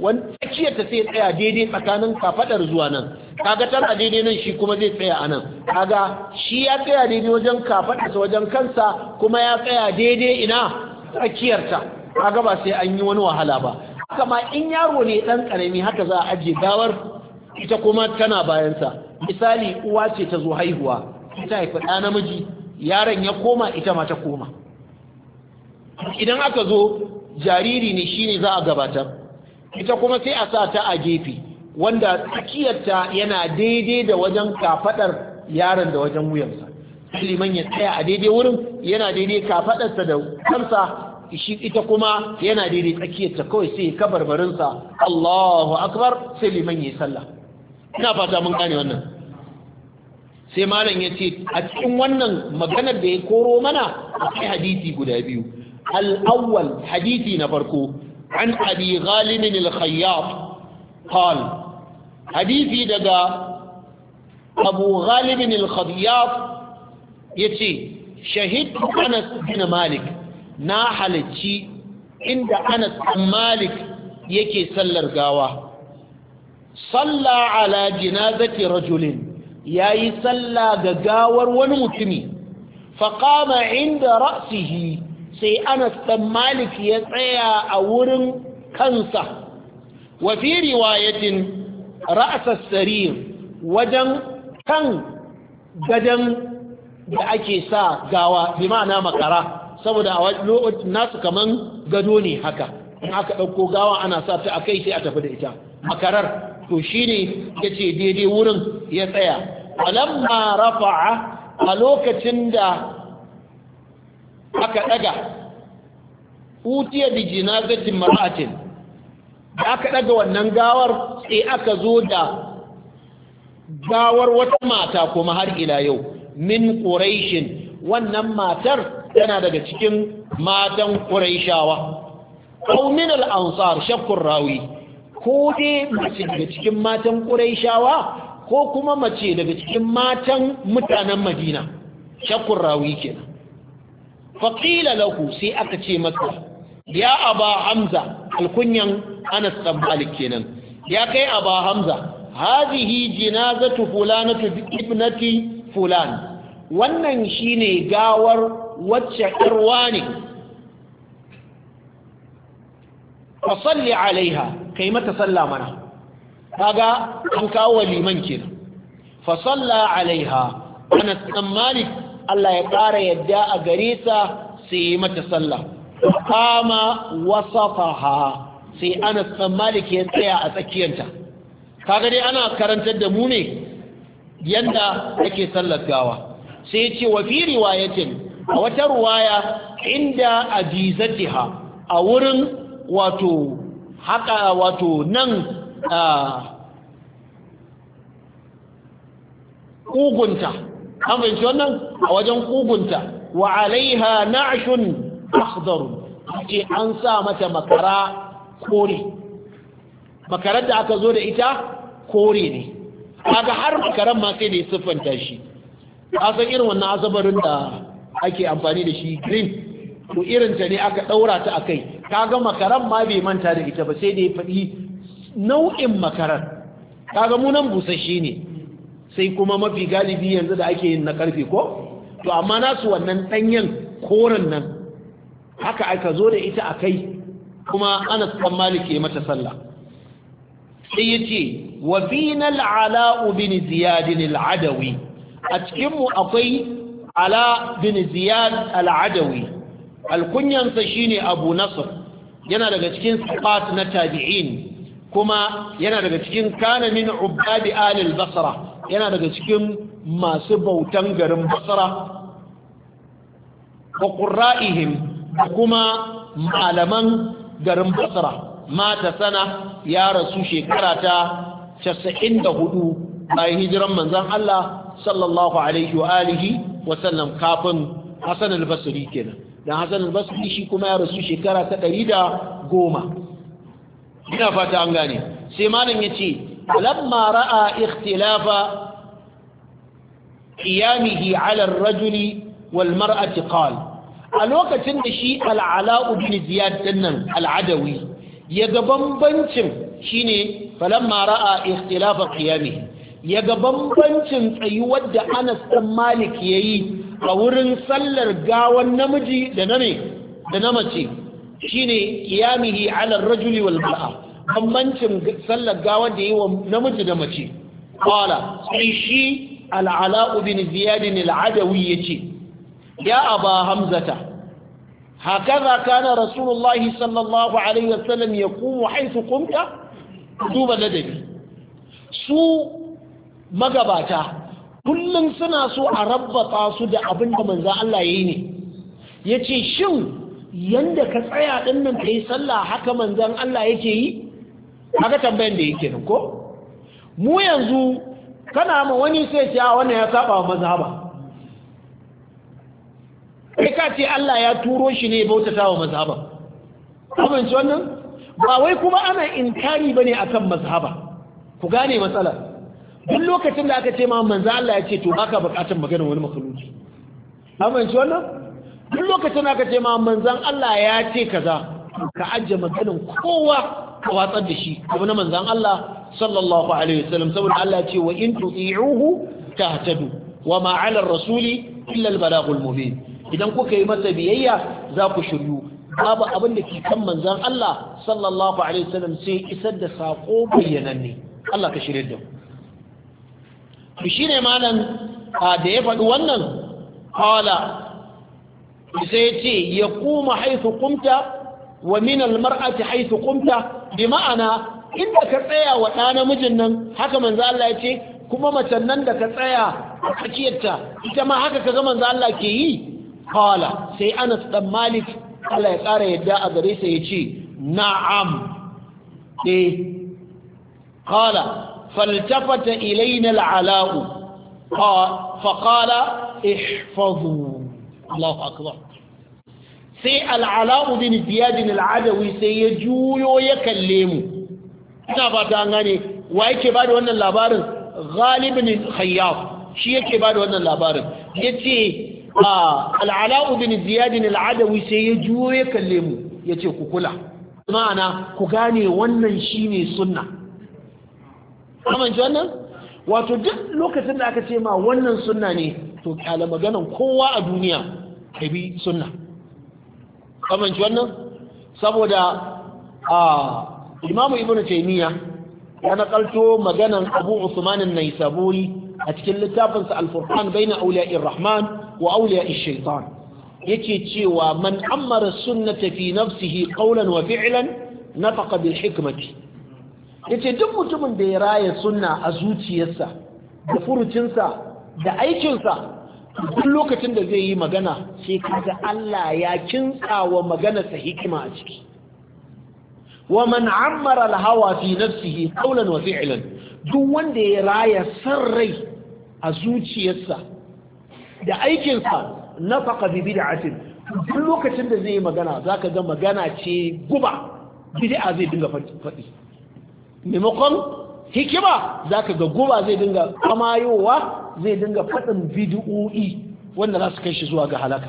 wani tsakiyar ta sai tsaya daidai tsakanin kafadar zuwa nan kaga tana daidai nan shi kuma zai tsaya anan kaga shi ya tsaya daidai wajen kafadarsa wajen kansa kuma ya tsaya daidai ina tsakiyarta kaga ba sai an yi wani wahala ba haka ma in yaro ne dan karami haka za a ajiye gawar ita kuma tana bayansa misali uwa ce ta zo haihuwa ita haifi ɗa namiji yaron ya koma ita ma ta koma idan aka zo jariri ne shine za a gabatar ita kuma sai a sa ta a gefe wanda tsakiyarta yana daidai da wajen kafadar yaron da wajen wuyansa liman ya tsaya a daidai wurin yana daidai kafadarsa da kansa shi ita kuma yana daidai tsakiyarta kawai sai ya kabarbarinsa Allahu akbar sai liman yi sallah ina fata mun gane wannan sai malam ya ce a cikin wannan maganar da ya koro mana kai hadithi guda biyu al'awwal hadithi hadisi na farko an abi ghalib al-khayyat qal hadisi daga abu ghalib al-khayyat yace shahid anas bin malik na halarci inda anas ɗan malik yake sallar gawa salla ala jinazati rajulin yayi salla ga gawar wani mutumi Faƙama inda ra'sihi sai anas ɗan malik ya tsaya a wurin kansa wa fi riwayatin ra'sas sarir wajen kan gadan da ake sa gawa bi makara saboda a nasu kaman gado ne haka in aka ɗauko gawa ana sa ta a kai sai a tafi da ita makarar to shine ya ce daidai wurin ya tsaya alamma rafa'a a lokacin da aka ɗaga utiya da jinazatin mara'atin da aka ɗaga wannan gawar sai aka zo da gawar wata mata kuma har ila yau min ƙorashin wannan matar yana daga cikin matan ƙuraishawa ƙaunin al'ansar shakkun rawi ko dai mace daga cikin matan ƙuraishawa ko kuma mace daga cikin matan mutanen madina shakkun rawi kenan faƙila lahu sai aka ce masa ya aba hamza alkunyan anas ke kenan ya kai aba hamza hazihi jinazatu fulanatu ibnati fulan wannan shine gawar wacce ƴarwa ne a salli alaiha yi mata tsalla mana kaga an kawo liman kenan fa tsalla alaiha Anas dan Allah ya ƙara yadda a gare ta sai mata sallah kama faha sai ana tsammani ke tsaya a tsakiyanta kaga dai ana karantar da mu ne yadda ake sallar gawa sai ce wa fi riwayatin a wata ruwaya inda ajizatiha a wurin wato haka wato nan kugunta an fahimci wannan a wajen kugunta wa alaiha na'shun akhdar ce an sa mata makara kore makarar da aka zo da ita kore ne kaga har makaran ma sai da ya siffanta shi san irin wannan azabarin da ake amfani da shi green to irinta ne aka ɗaura ta a kai kaga makaran ma bai manta da ita ba sai da ya faɗi nau'in makaran kaga mu nan busasshe ne sai kuma mafi galibi yanzu da ake yin na karfe ko to amma nasu wannan ɗanyen koren nan haka aka zo da ita a kai kuma ana kan maliki mata sallah sai ya ce wa fina al'ala'u bin ziyadin al'adawi a cikinmu akwai ala bin ziyad al'adawi alkunyansa shine abu Nasir yana daga cikin sabat na tabi'in kuma yana daga cikin kana min ubadi alil basra yana daga cikin masu bautan garin basra wa qurra'ihim kuma malaman garin basra mata sana ya rasu shekara ta 94 bayan hijiran manzon Allah sallallahu alaihi wa alihi wasallam kafin Hassan al-Basri kenan dan Hassan al-Basri shi kuma ya rasu shekara ta ɗari da goma. ina fata an gane sai malam yace lamma ra'a ikhtilafa qiyamihi 'ala ar-rajuli wal mar'ati qala a lokacin da shi al'ala ala ibn Ziyad dinnan ya ga bambancin shine falamma ra'a ikhtilafa qiyamihi ya ga bambancin tsayuwar da anas ɗan malik ya yi a wurin sallar gawan namiji da na mace shine qiyamihi rajuli wal bambancin sallar gawan da yi wa namiji da mace Kwala. sai shi al'ala ubin ziyad al-adawi yace ya aba hamzata hakaza na rasulullahi sallallahu alaihi wasallam yaqumu haythu qumta duba ladabi su magabata kullum suna so a rabbata su da abin da manzan Allah ya yi ne ya ce shin yadda ka tsaya ɗin nan ka yi sallah haka manzan Allah yake yi haka tambayan da yake nan ko mu yanzu kana ma wani sai ce wannan ya saba wa ba kai ka ce Allah ya turo shi ne bautata wa ba amince wannan ba wai kuma ana inkari bane akan mazhaba ku gane matsalar duk lokacin da aka ce ma manzo Allah ya ce to baka bukatar magana wani makhluki amince wannan duk lokacin da aka ce ma manzon Allah ya ce kaza ka ajje maganin kowa ka watsar da shi abu na manzon Allah sallallahu alaihi wasallam saboda Allah ya ce wa in tu'i'uhu tahtadu wa ma 'ala ar-rasuli illa al-balaghul mubin idan kuka yi masa biyayya za ku shiryu babu abin da ke kan manzon Allah sallallahu alaihi wasallam sai isar da sako bayyananne Allah ka shirye da mu to ne malam da ya faɗi wannan qala sai ce ya kuma haythu kumta wa min almar'ati haythu kumta. bi ma'ana inda ka tsaya wa ɗa namijin nan haka manzo Allah ya ce kuma macen nan da ka tsaya a tsakiyarta ita ma haka ka manzo Allah ke yi Hala. sai Anas dan Malik Allah ya ƙara yadda a gare sa ya ce na'am eh Hala. فالتفت إلينا العلاء فقال احفظوا الله أكبر sai al'ala'u bin ziyadin al'adawi sai ya juyo ya kalle mu ina ba ta gane wa yake ba da wannan labarin galibin khayyaf shi yake ba da wannan labarin ya ce al'ala'u bin ziyadin sai ya juyo ya kalle mu ya ce ku kula ku gane wannan shi ne sunna amince wannan wato duk lokacin da aka ce ma wannan sunna ne to kyala maganan kowa a duniya ka bi sunna amince wannan saboda a imamu ibnu taimiyya ya naƙalto maganan abu usmanin an-naisaburi a cikin littafinsa al-furqan baina awliya'ir rahman wa awliya'ish shaitan yake cewa man amara sunnata fi nafsihi qawlan wa fi'lan nafaqa bil hikmati ya ce duk mutumin da ya raya sunna a zuciyarsa da furucinsa da aikinsa duk lokacin da zai yi magana sai kaga Allah ya kintsawa magana sa hikima a ciki wa man ammara al-hawa fi nafsihi qawlan wa fi'lan duk wanda ya raya san rai a zuciyarsa da aikinsa nafaka bi bid'atin duk lokacin da zai yi magana zaka ga magana ce guba bid'a zai dinga faɗi maimakon hikima za ka ga guba zai dinga amayowa zai dinga faɗin bidi'o'i wanda za su kai shi zuwa ga halaka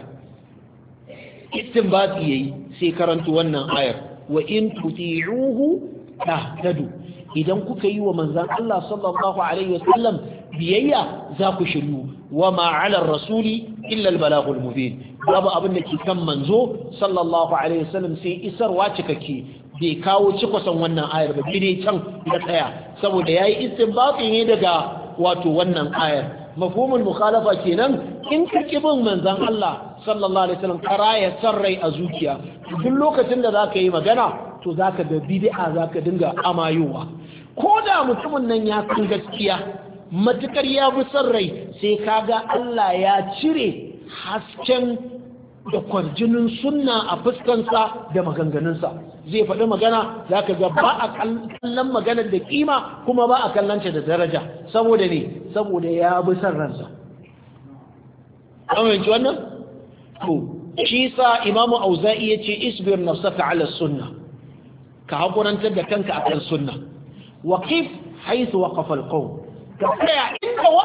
istinbati yayi sai karanto wannan ayar wa in tuti'uhu tahtadu idan kuka yi wa manzan Allah sallallahu alaihi wasallam biyayya za ku shiryu wa ma rasuli illa al-balaghul mubin babu abin da ke kan manzo sallallahu alaihi wasallam sai isarwa cikakke bai kawo cikwasan wannan ayar ba bide can na tsaya saboda ya yi istinbati ne daga wato wannan ayar mafhumul mukhalafa kenan in ka bin manzon Allah sallallahu alaihi wasallam san rai a zuciya duk lokacin da za ka yi magana to zaka ga bid'a zaka dinga amayowa ko da mutumin nan ya san gaskiya matukar ya bi rai sai ka ga Allah ya cire hasken da kwarjinin sunna a fuskansa da maganganunsa zai faɗi magana za ka ga ba a kallon maganar da kima kuma ba a kallonta da daraja saboda ne saboda ya bi san ransa amince wannan? to shi sa imamu auza'i ya ce isbir nafsaka ala sunna ka haƙurantar da kanka akan sunna waqif haythu waqafa alqawm ka tsaya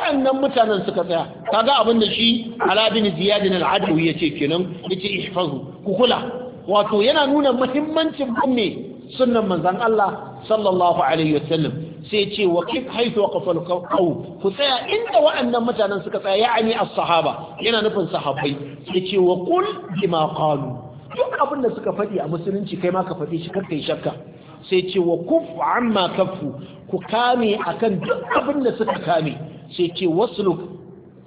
Waɗannan mutanen suka tsaya kaga abin da shi alabin ziyadin al'adu ya ce kenan ya ce ihfazu ku kula wato yana nuna muhimmancin kunne Sunan manzan Allah sallallahu alaihi wa wasallam sai ce wa kif haitu wa qafal qaw ku tsaya inda waɗannan mutanen suka tsaya ya ya'ani as-sahaba yana nufin sahabbai sai ce wa qul bima qalu duk abin da suka faɗi a musulunci kai ma ka faɗi shi karka yi shakka sai ce wa kuf amma kafu ku kame akan duk abin da suka kame sai ce sabira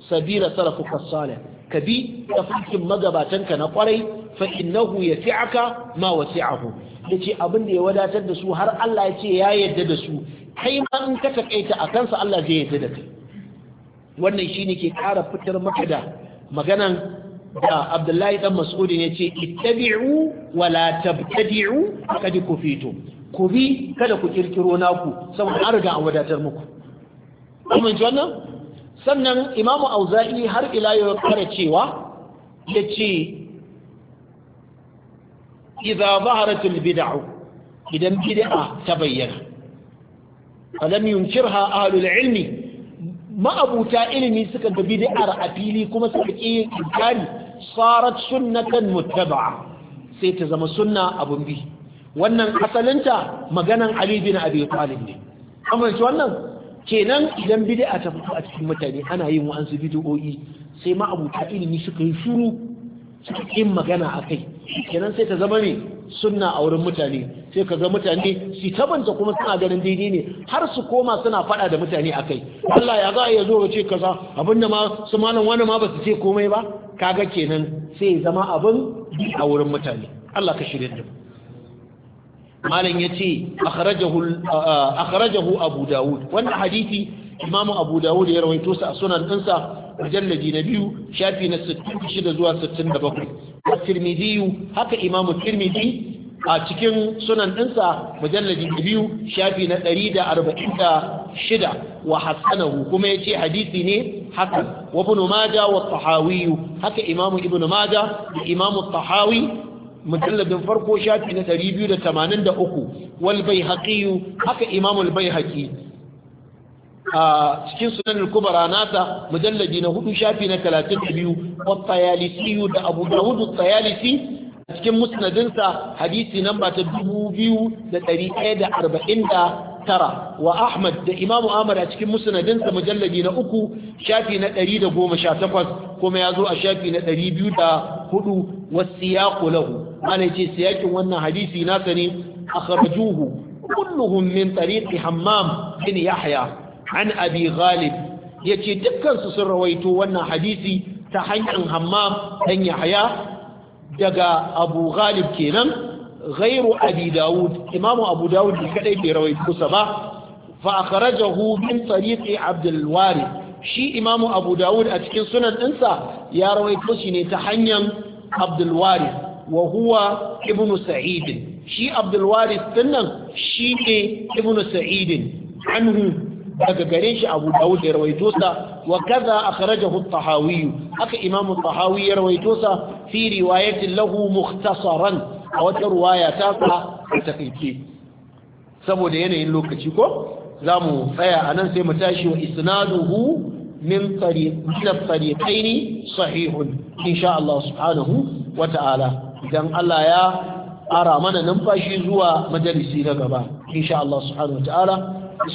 sabila salafuka salih ka bi tafarkin magabatanka na kwarai fa innahu aka ma wasi'ahu yace abin da ya wadatar da su har Allah ya ce ya yarda da su kai ma in ka takaita a kansa Allah zai yadda da kai wannan shine ke ƙara fitar maka da maganan da Abdullahi dan mas'udi ya ce ittabi'u wa la tabtadi'u faqad kufitum ku bi kada ku kirkiro naku saboda an riga an wadatar muku ji wannan sannan imamu auza'i har ila yau kare cewa ya ce idza zaharatul bid'a idan bid'a ta bayyana falam yunkirha ahlul ilmi ma'abuta ilimi suka ga bid'ar a fili kuma suka ƙi inkari sarat sunnatan muttaba'a sai ta zama sunna abun bi wannan asalinta maganan ali bin abi talib ne wannan kenan idan bid'a ta fito a cikin mutane ana yin wa'ansu bid'o'i sai ma abuta ilimi suka yi shuru suka yin magana a kai kenan sai ta zama ne sunna a wurin mutane sai ka ga mutane su tabanta kuma suna ganin daidai ne har su koma suna fada da mutane a kai Allah ya za iya zo ya ce kaza abinda ma su malam wani ma ba su ce komai ba kaga kenan sai zama abin a wurin mutane Allah ka shirya da mu malam ya ce akharajahu abu dawud wannan hadithi imamu abu dawud ya rawaito sa a sunan ɗinsa mujallaji na biyu shafi na 66 zuwa 67 wa tirmidhi haka imamu tirmidhi a cikin sunan ɗinsa mujallaji na biyu shafi na 146 wa hasanahu kuma ya ce hadisi ne hasan wa ibn majah wa tahawi haka imamu ibn majah da imamu tahawi mujalladin farko shafi na 283 wal baihaqi haka imam al baihaqi a cikin sunan al-kubra nata mujalladi na hudu shafi na 32 wa tayalisi da abu da hudu, Tsayalisi, a cikin musnadinsa hadisi namba ta 2147 tara wa Ahmad da Imam Ahmad a cikin musnadinsa mujalladi na uku shafi na 118 kuma ya zo a shafi na 204 wasiyaqu lahu ana ce siyakin wannan hadisi nasani ne akhrajuhu kulluhum min tariqi Hammam bin Yahya an Abi Ghalib yace dukkan su sun rawaito wannan hadisi ta hanyar Hammam dan Yahya daga Abu Ghalib kenan ghairu abi imam imamu abu dawud kadai bai rawaito sa ba fa akhrajahu min tariqi abdul warith shi imamu abu Da'ud a cikin sunan ɗinsa ya rawaito shi ne ta hanyar abdulwaris wa huwa ibnu sa'idin shi abdulwaris dinnan shi ne ibnu sa'idin anhu daga gare shi abu Da'ud ya rawaito sa wa kaza akhrajahu at-tahawi haka imamu at-tahawi ya rawaito sa fi riwayatin lahu mukhtasaran a wata ruwaya ta fa a takaice saboda yanayin lokaci ko za mu tsaya a nan sai mu tashi wa isnaduhu min tariqaini sahihun insha Allah subhanahu wa ta'ala idan Allah ya ara mana numfashi zuwa majalisi na gaba insha Allah subhanahu wa ta'ala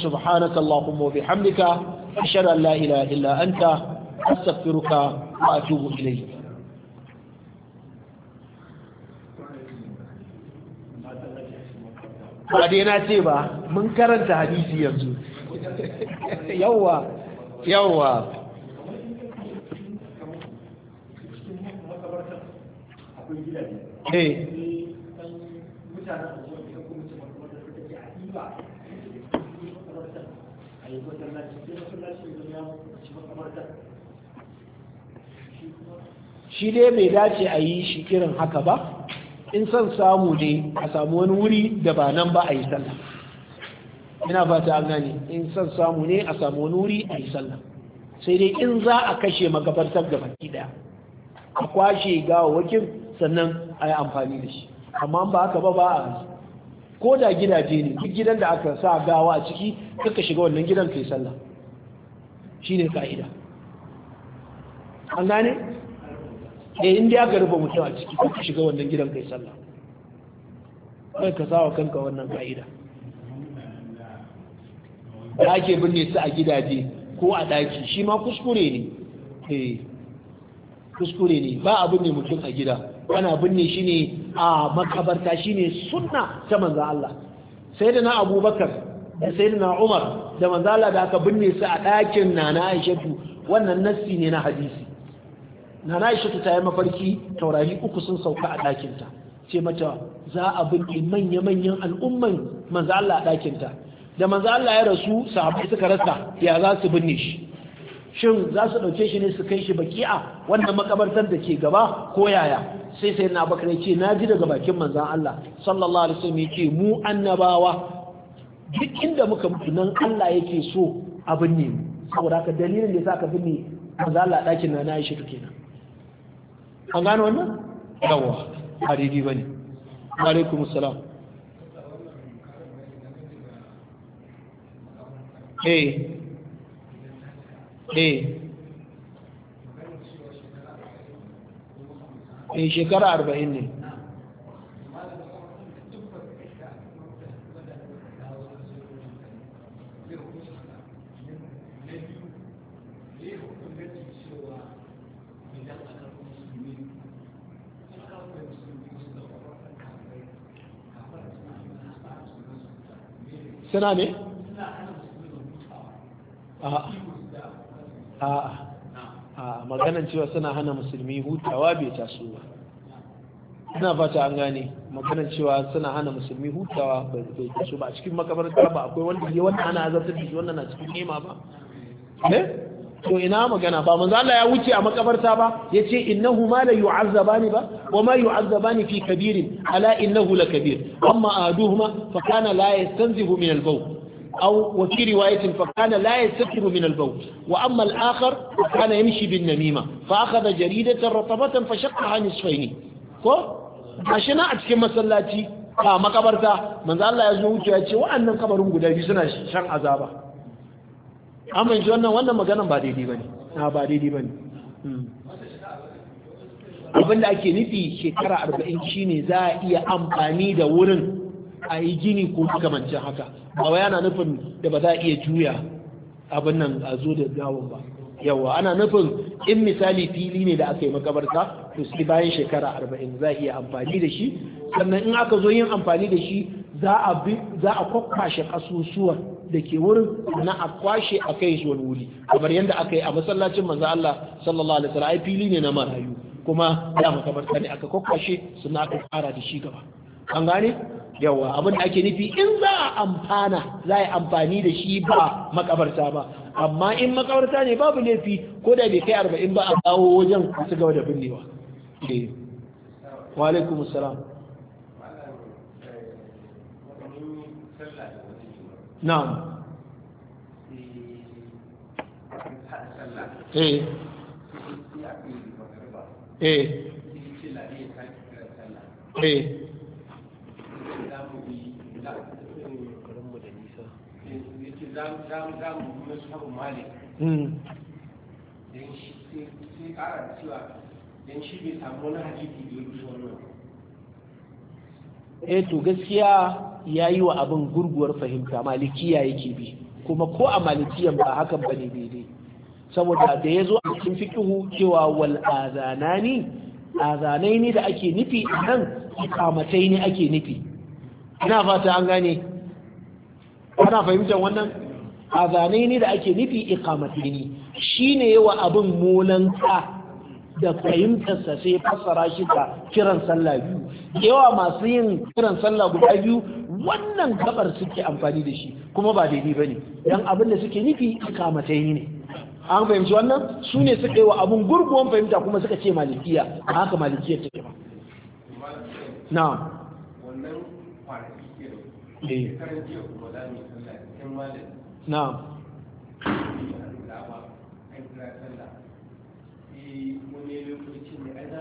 subhanaka allahumma wa bihamdika ashhadu an la ilaha illa anta astaghfiruka wa atubu ilayk ba dai na ce ba mun karanta hadisi yanzu yawwa yawwa eh shi dai bai dace a yi shi kirin haka ba in son samu ne a samu wani wuri da ba nan ba a yi sallah ina fata an gane in son samu ne a samu wani wuri a yi sallah sai dai in za a kashe magabartar baki daya a kwashe gawawakin sannan a yi amfani da shi amma ba haka ba ba a ko da gidaje ne duk gidan da aka sa gawa a ciki kaka shiga wannan gidan kai sallah shine ka'ida an gane eh in ya aka rufe mutum a ciki ka shiga wannan gidan kai sallah kai ka sawa kanka wannan ka'ida da ake binne su a gidaje ko a daki shi ma kuskure ne eh kuskure ne ba a binne mutum a gida ana binne shi ne a makabarta shi ne sunna ta manzo Allah sai da na abubakar da sai da na umar da manzo Allah da aka binne su a ɗakin nana aishatu wannan nassi ne na hadisi na Aisha ta yi mafarki taurari uku sun sauka a ɗakinta ce mata za a binke manya-manyan al'umman manzo a ɗakinta da manzo Allah ya rasu sahabbai suka rasa ya za su binne shi shin za su ɗauke shi ne su kai shi a wannan makabartar da ke gaba ko yaya sai sai na bakar ya ce na ji daga bakin manzan Allah sallallahu alaihi wasallam ya ce mu annabawa duk inda muka mutu nan Allah yake so abin ne saboda ka dalilin da yasa ka binne manzan Allah ɗakin na Aisha kenan an gano wannan yawa ba daidai ba ne alaikum salam eh eh eh shekara arba'in ne tana ne a a maganan cewa suna hana musulmi hutawa bai taso ba ina fata an gane maganan cewa suna hana musulmi hutawa bai taso ba a cikin makabarta ba akwai wanda ya wannan ana azabtar da shi wannan na cikin nema ba ne eh? to ina magana ba manzo Allah ya wuce a makabarta ba yace innahu ma la yu'azzabani ba wa ma yu'azzabani fi kabir ala innahu la kabir amma aduhuma fa kana la yastanzihu min al-bawl aw wa fi riwayatin fa kana la yastakiru min al-bawl wa amma al-akhar kana yamshi bin namima fa akhadha jaridatan ratabatan fa shaqqaha nisfayn ko ashina a cikin masallaci a makabarta manzo Allah ya zo wuce ya ce wa'annan kabarin guda biyu suna shan azaba amma fahimci wannan wannan maganan ba daidai bane na ba daidai bane hmm. abin da ake nufi shekara arba'in shine za a iya amfani da wurin a yi gini ko makamancin haka ba wa yana nufin da ba za a iya juya abin nan a zo da dawon ba yawa ana nufin in misali fili ne da aka yi makabarta to sai bayan shekara arba'in za a iya amfani da shi sannan in aka zo yin amfani da shi za a kwakwashe kasusuwan da ke wurin na a kwashe a kai shi wani wuri kamar yadda aka yi a masallacin manzo Allah sallallahu alaihi wasallam ai fili ne na marayu kuma da makabarta ne aka kwakwashe suna aka fara da shi gaba an gane yawa abin da ake nufi in za a amfana za a amfani da shi ba makabarta ba amma in makabarta ne babu laifi ko da bai kai arba'in ba a kawo wajen su gaba da binnewa eh. wa alaikumussalam. salam na. eh eh eh eh to gaskiya ya yi wa abin gurguwar fahimta malikiya yake bi kuma ko a malikiyan ba hakan ba ne daidai saboda da ya zo a cikin fikihu cewa wal azanani azanai ne da ake nufi nan ikamatai ne ake nufi ina fata an gane ana fahimtar wannan azanai ne da ake nufi ne shine yawa abin molanka da fahimtarsa sai fassara shi da kiran sallah biyu yawa masu yin kiran sallah guda biyu wannan gabar suke amfani da shi kuma ba daidai ba ne don abin da suke nufi kamatai ne an fahimci wannan su ne suka yi wa abin gurguwan fahimta kuma suka ce malikiya a haka malikiyar ta ba na na eh.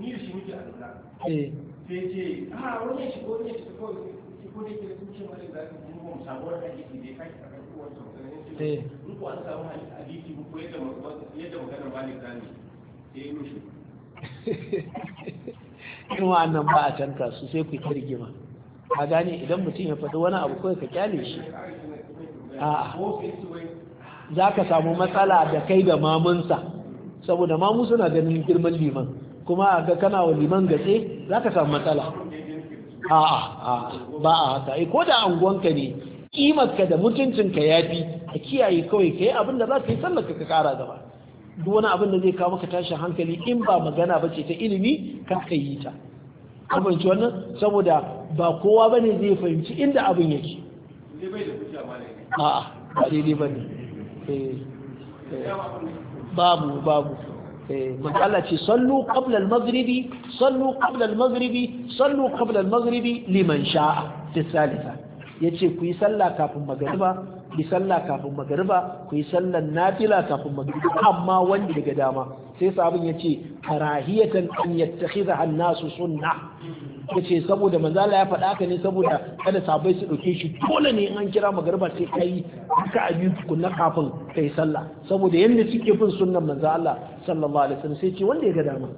ni da shi muke eh. sai ce ah, wani shi ko ne shi ko shi ko ne ke kuce wani da mu mu sabuwar da kai a kan sai eh. ko an samu ko yadda yadda ba zani sai shi *laughs* in wa'annan ba a tanka su sai ku ta rigima a gane idan mutum ya faɗi wani abu kawai ka kyale shi 'a za ka samu matsala da kai da mamunsa saboda mamu suna ganin girman liman kuma a ga kana wa liman gatse za ka samu matsala a'a ba a haka eh, ko da anguwanka ne kimarka da mutuncinka ya fi a kiyaye kawai ka yi abin da za ka yi sallar ka kara gaba duk wani abin da zai kawo maka tashin hankali in ba magana ba ce ta ilimi Ka ka yi ta abinci wannan saboda ba kowa ba ne zai fahimci inda abin yake a'a ba daidai ba ne eh, eh, babu babu Eh, manzo Allah ce sallu qabla al-maghribi sallu qabla al-maghribi sallu qabla al liman sha'a fi yace ku yi sallah kafin ba. ku yi sallah kafin magariba ku yi sallan nafila kafin magariba amma wanda daga dama sai sabon ya ce karahiyatan an yattakhidha an sunna yace saboda manzo Allah ya faɗa ka ne saboda kada sabai su dauke shi dole ne in an kira magariba sai kai ka abi kunna kafin kai sallah saboda yanda suke bin sunnan manzo Allah sallallahu alaihi wasallam sai ce wanda ya ga dama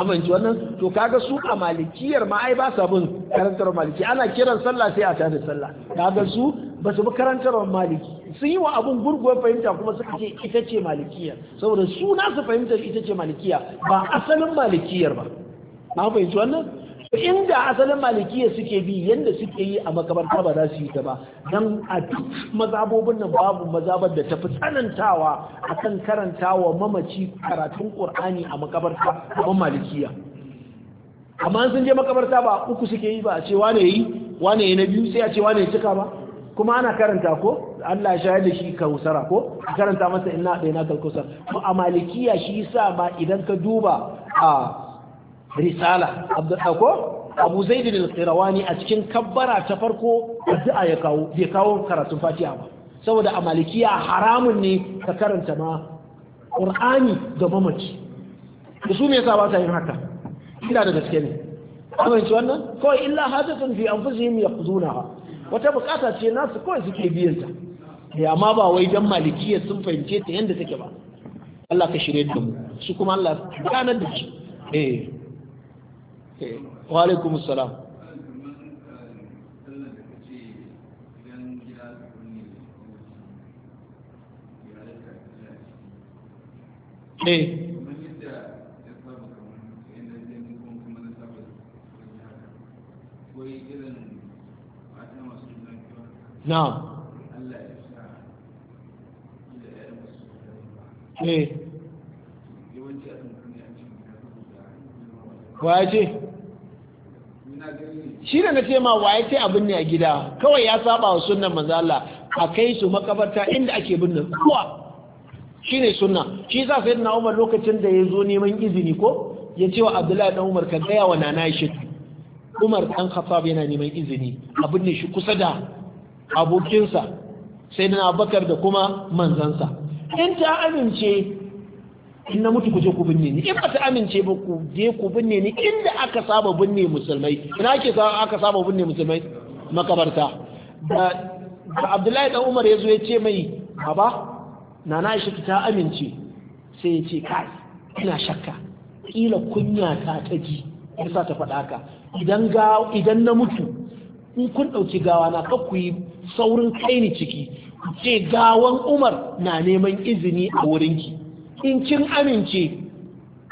amince wannan to kaga su a malikiyar ma ai ba sa bin karantar maliki ana kiran sallah sai a tada sallah kaga su ba su bi wa maliki sun yi wa abun gurguwar fahimta kuma suka ce ita ce malikiya saboda su nasu fahimtar ita ce malikiya ba asalin malikiyar ba an fahimci wannan inda asalin malikiya suke bi yadda suke yi a makabarta ba za su yi ta ba don a duk mazabobin nan babu mazabar da tafi tsanantawa akan karantawa mamaci karatun ƙur'ani a makabarta kuma malikiya amma sun je makabarta ba uku suke yi ba a ce wane yi wane na biyu sai a ce wane cika ba kuma ana karanta ko Allah ya shayar da shi kausara ko karanta masa inna da yana kalkausar to a malikiya shi yasa ba idan ka duba a risala abdul ko abu zaidin al-qirawani a cikin kabbara ta farko addu'a ya kawo bai kawo karatun fatiha ba saboda a malikiya haramun ne ka karanta ma qur'ani da mamaci da su me yasa ba ta yin haka ina da gaske ne amince wannan kawai illa an fi anfusihim yaqzunaha wata bukata ce nasu kawai suke biyan ta eh, amma ba wai dan malikiyya sun fahimce ta yanda take ba Allah ka shirye da mu shi kuma Allah ganar da shi eh eh wa alaikum assalam eh na'am eh wa ya shi da na ce ma wa ya ce abin ne a gida kawai ya saba wa sunan manzala a kai su makabarta inda ake binne kowa shi ne sunna shi za su yi na umar lokacin da ya zo neman izini ko ya ce wa abdullahi dan umar ka gaya wa nana shi umar dan khattab yana neman izini abin ne shi kusa da abokinsa sai na bakar da kuma manzansa in ta amince in na mutu kuje ku binne ni in ba ta amince ba ku je ku binne ni inda aka saba binne musulmai ina ake aka saba binne musulmai makabarta da abdullahi dan umar ya zo ya ce mai baba nana aisha ta amince sai ya ce kai ina shakka kila kunya ta ta ji yasa ta faɗa ka idan na mutu in kun ɗauki gawa na ku yi saurin kai ni ciki ku ce gawan umar na neman izini a wurinki in kin amince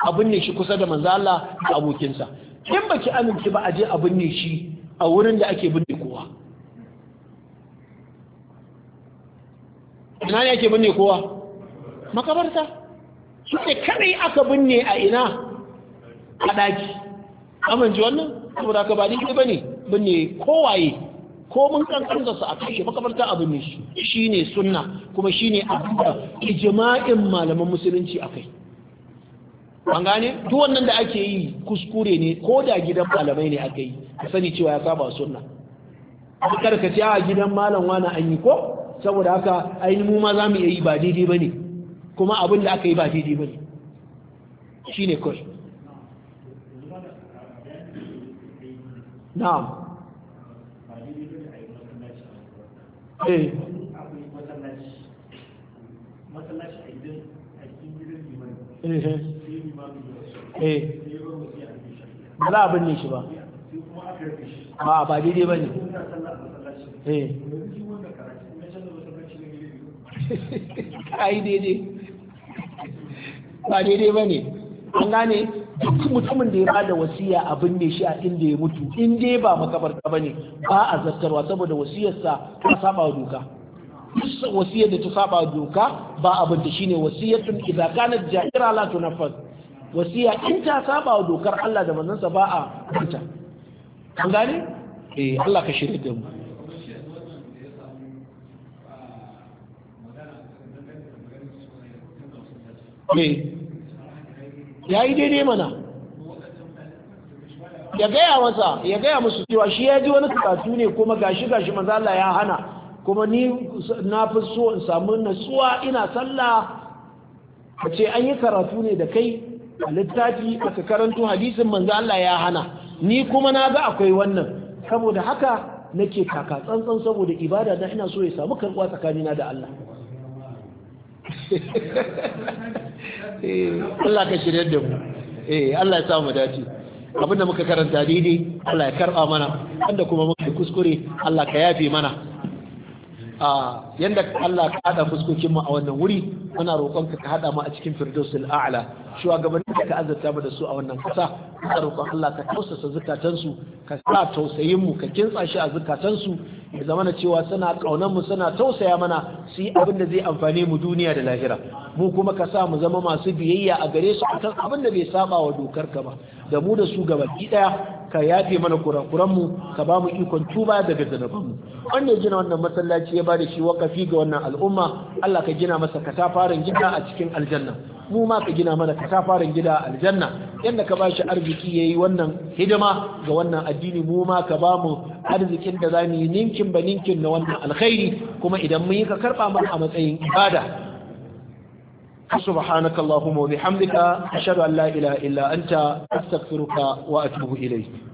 abin ne shi kusa da Manzala da abokinsa in ki amince ba a je abin ne shi a wurin da ake binne kowa ina ne ake binne kowa makabarta su ne kadai aka binne a ina a ɗaki? amince wannan saboda ka ba ni ba ne ne kowaye ko mun kankan da su a kashe makabarta abu ne shi shine sunna kuma shi shine abinda ijma'in malaman musulunci akai an gane duk wannan da ake yi kuskure ne ko da gidan malamai ne aka yi ka sani cewa ya saba sunna a karkace a ah, gidan malam wani an yi ko saboda haka ainihin mu ma za mu iya yi ba daidai ba ne kuma abin da aka yi ba daidai ba ne shi ne kawai na'am eh. eh. eh. ba za a binne shi ba ba daidai ba ne *laughs* ka yi daidai ba daidai ba ne an gane duk mutumin da ya bada wasiya a binne shi a inda ya mutu in dai ba makabarta bane ba a zartarwa saboda wasiyarsa ta saba doka duk wasiyar da ta saba doka ba abin da shine wasiyatun idza kanat ja'ira la tunaffas wasiya in ta saba dokar Allah da manzansa ba a binta an gane eh Allah ka shirye da mu ya yi daidai mana ya gaya masa ya gaya musu cewa shi ya ji wani karatu ne kuma gashi gashi mazala ya hana kuma ni na fi so in samu natsuwa ina sallah a ce an yi karatu ne da kai a littafi aka karanto hadisin manzo Allah ya hana ni kuma na ga akwai wannan saboda haka nake kaka tsantsan saboda ibada da ina so ya samu karɓuwa tsakanina da Allah *laughs* Eh, Allah ka shirya da mu eh, Allah ya sa mu dace abinda muka karanta daidai Allah ya karba mana wanda kuma muka yi kuskure Allah ka yafe mana a yanda Allah ka hada fuskokin mu a wannan wuri muna roƙonka ka hada mu a cikin firdausul a'la shugabannin da ka azurta mu da su a wannan kasa muna roƙon Allah ka tausasa zukatan su ka sa tausayin mu ka kintsa shi a zukatan su ya zama na cewa suna kaunan mu suna tausaya mana su yi abin da zai amfane mu duniya da lahira mu kuma ka sa mu zama masu biyayya a gare su a kan abin da bai saba wa dokar ka ba da mu da su ki daya ka yafe mana kurakuranmu ka ba mu ikon tuba daga zanabanmu wanda ya gina wannan masallaci ya ba da shi wakafi ga wannan al'umma Allah ka gina masa katafaren gida a cikin aljanna mu ma ka gina mana katafaren gida a aljanna yadda ka ba shi arziki ya yi wannan hidima ga wannan addini mu ma ka ba mu arzikin da za mu yi ninkin ba ninkin na wannan alkhairi kuma idan mun yi ka karɓa mu a matsayin ibada سبحانك اللهم وبحمدك أشهد أن لا إله إلا أنت أستغفرك وأتوب إليك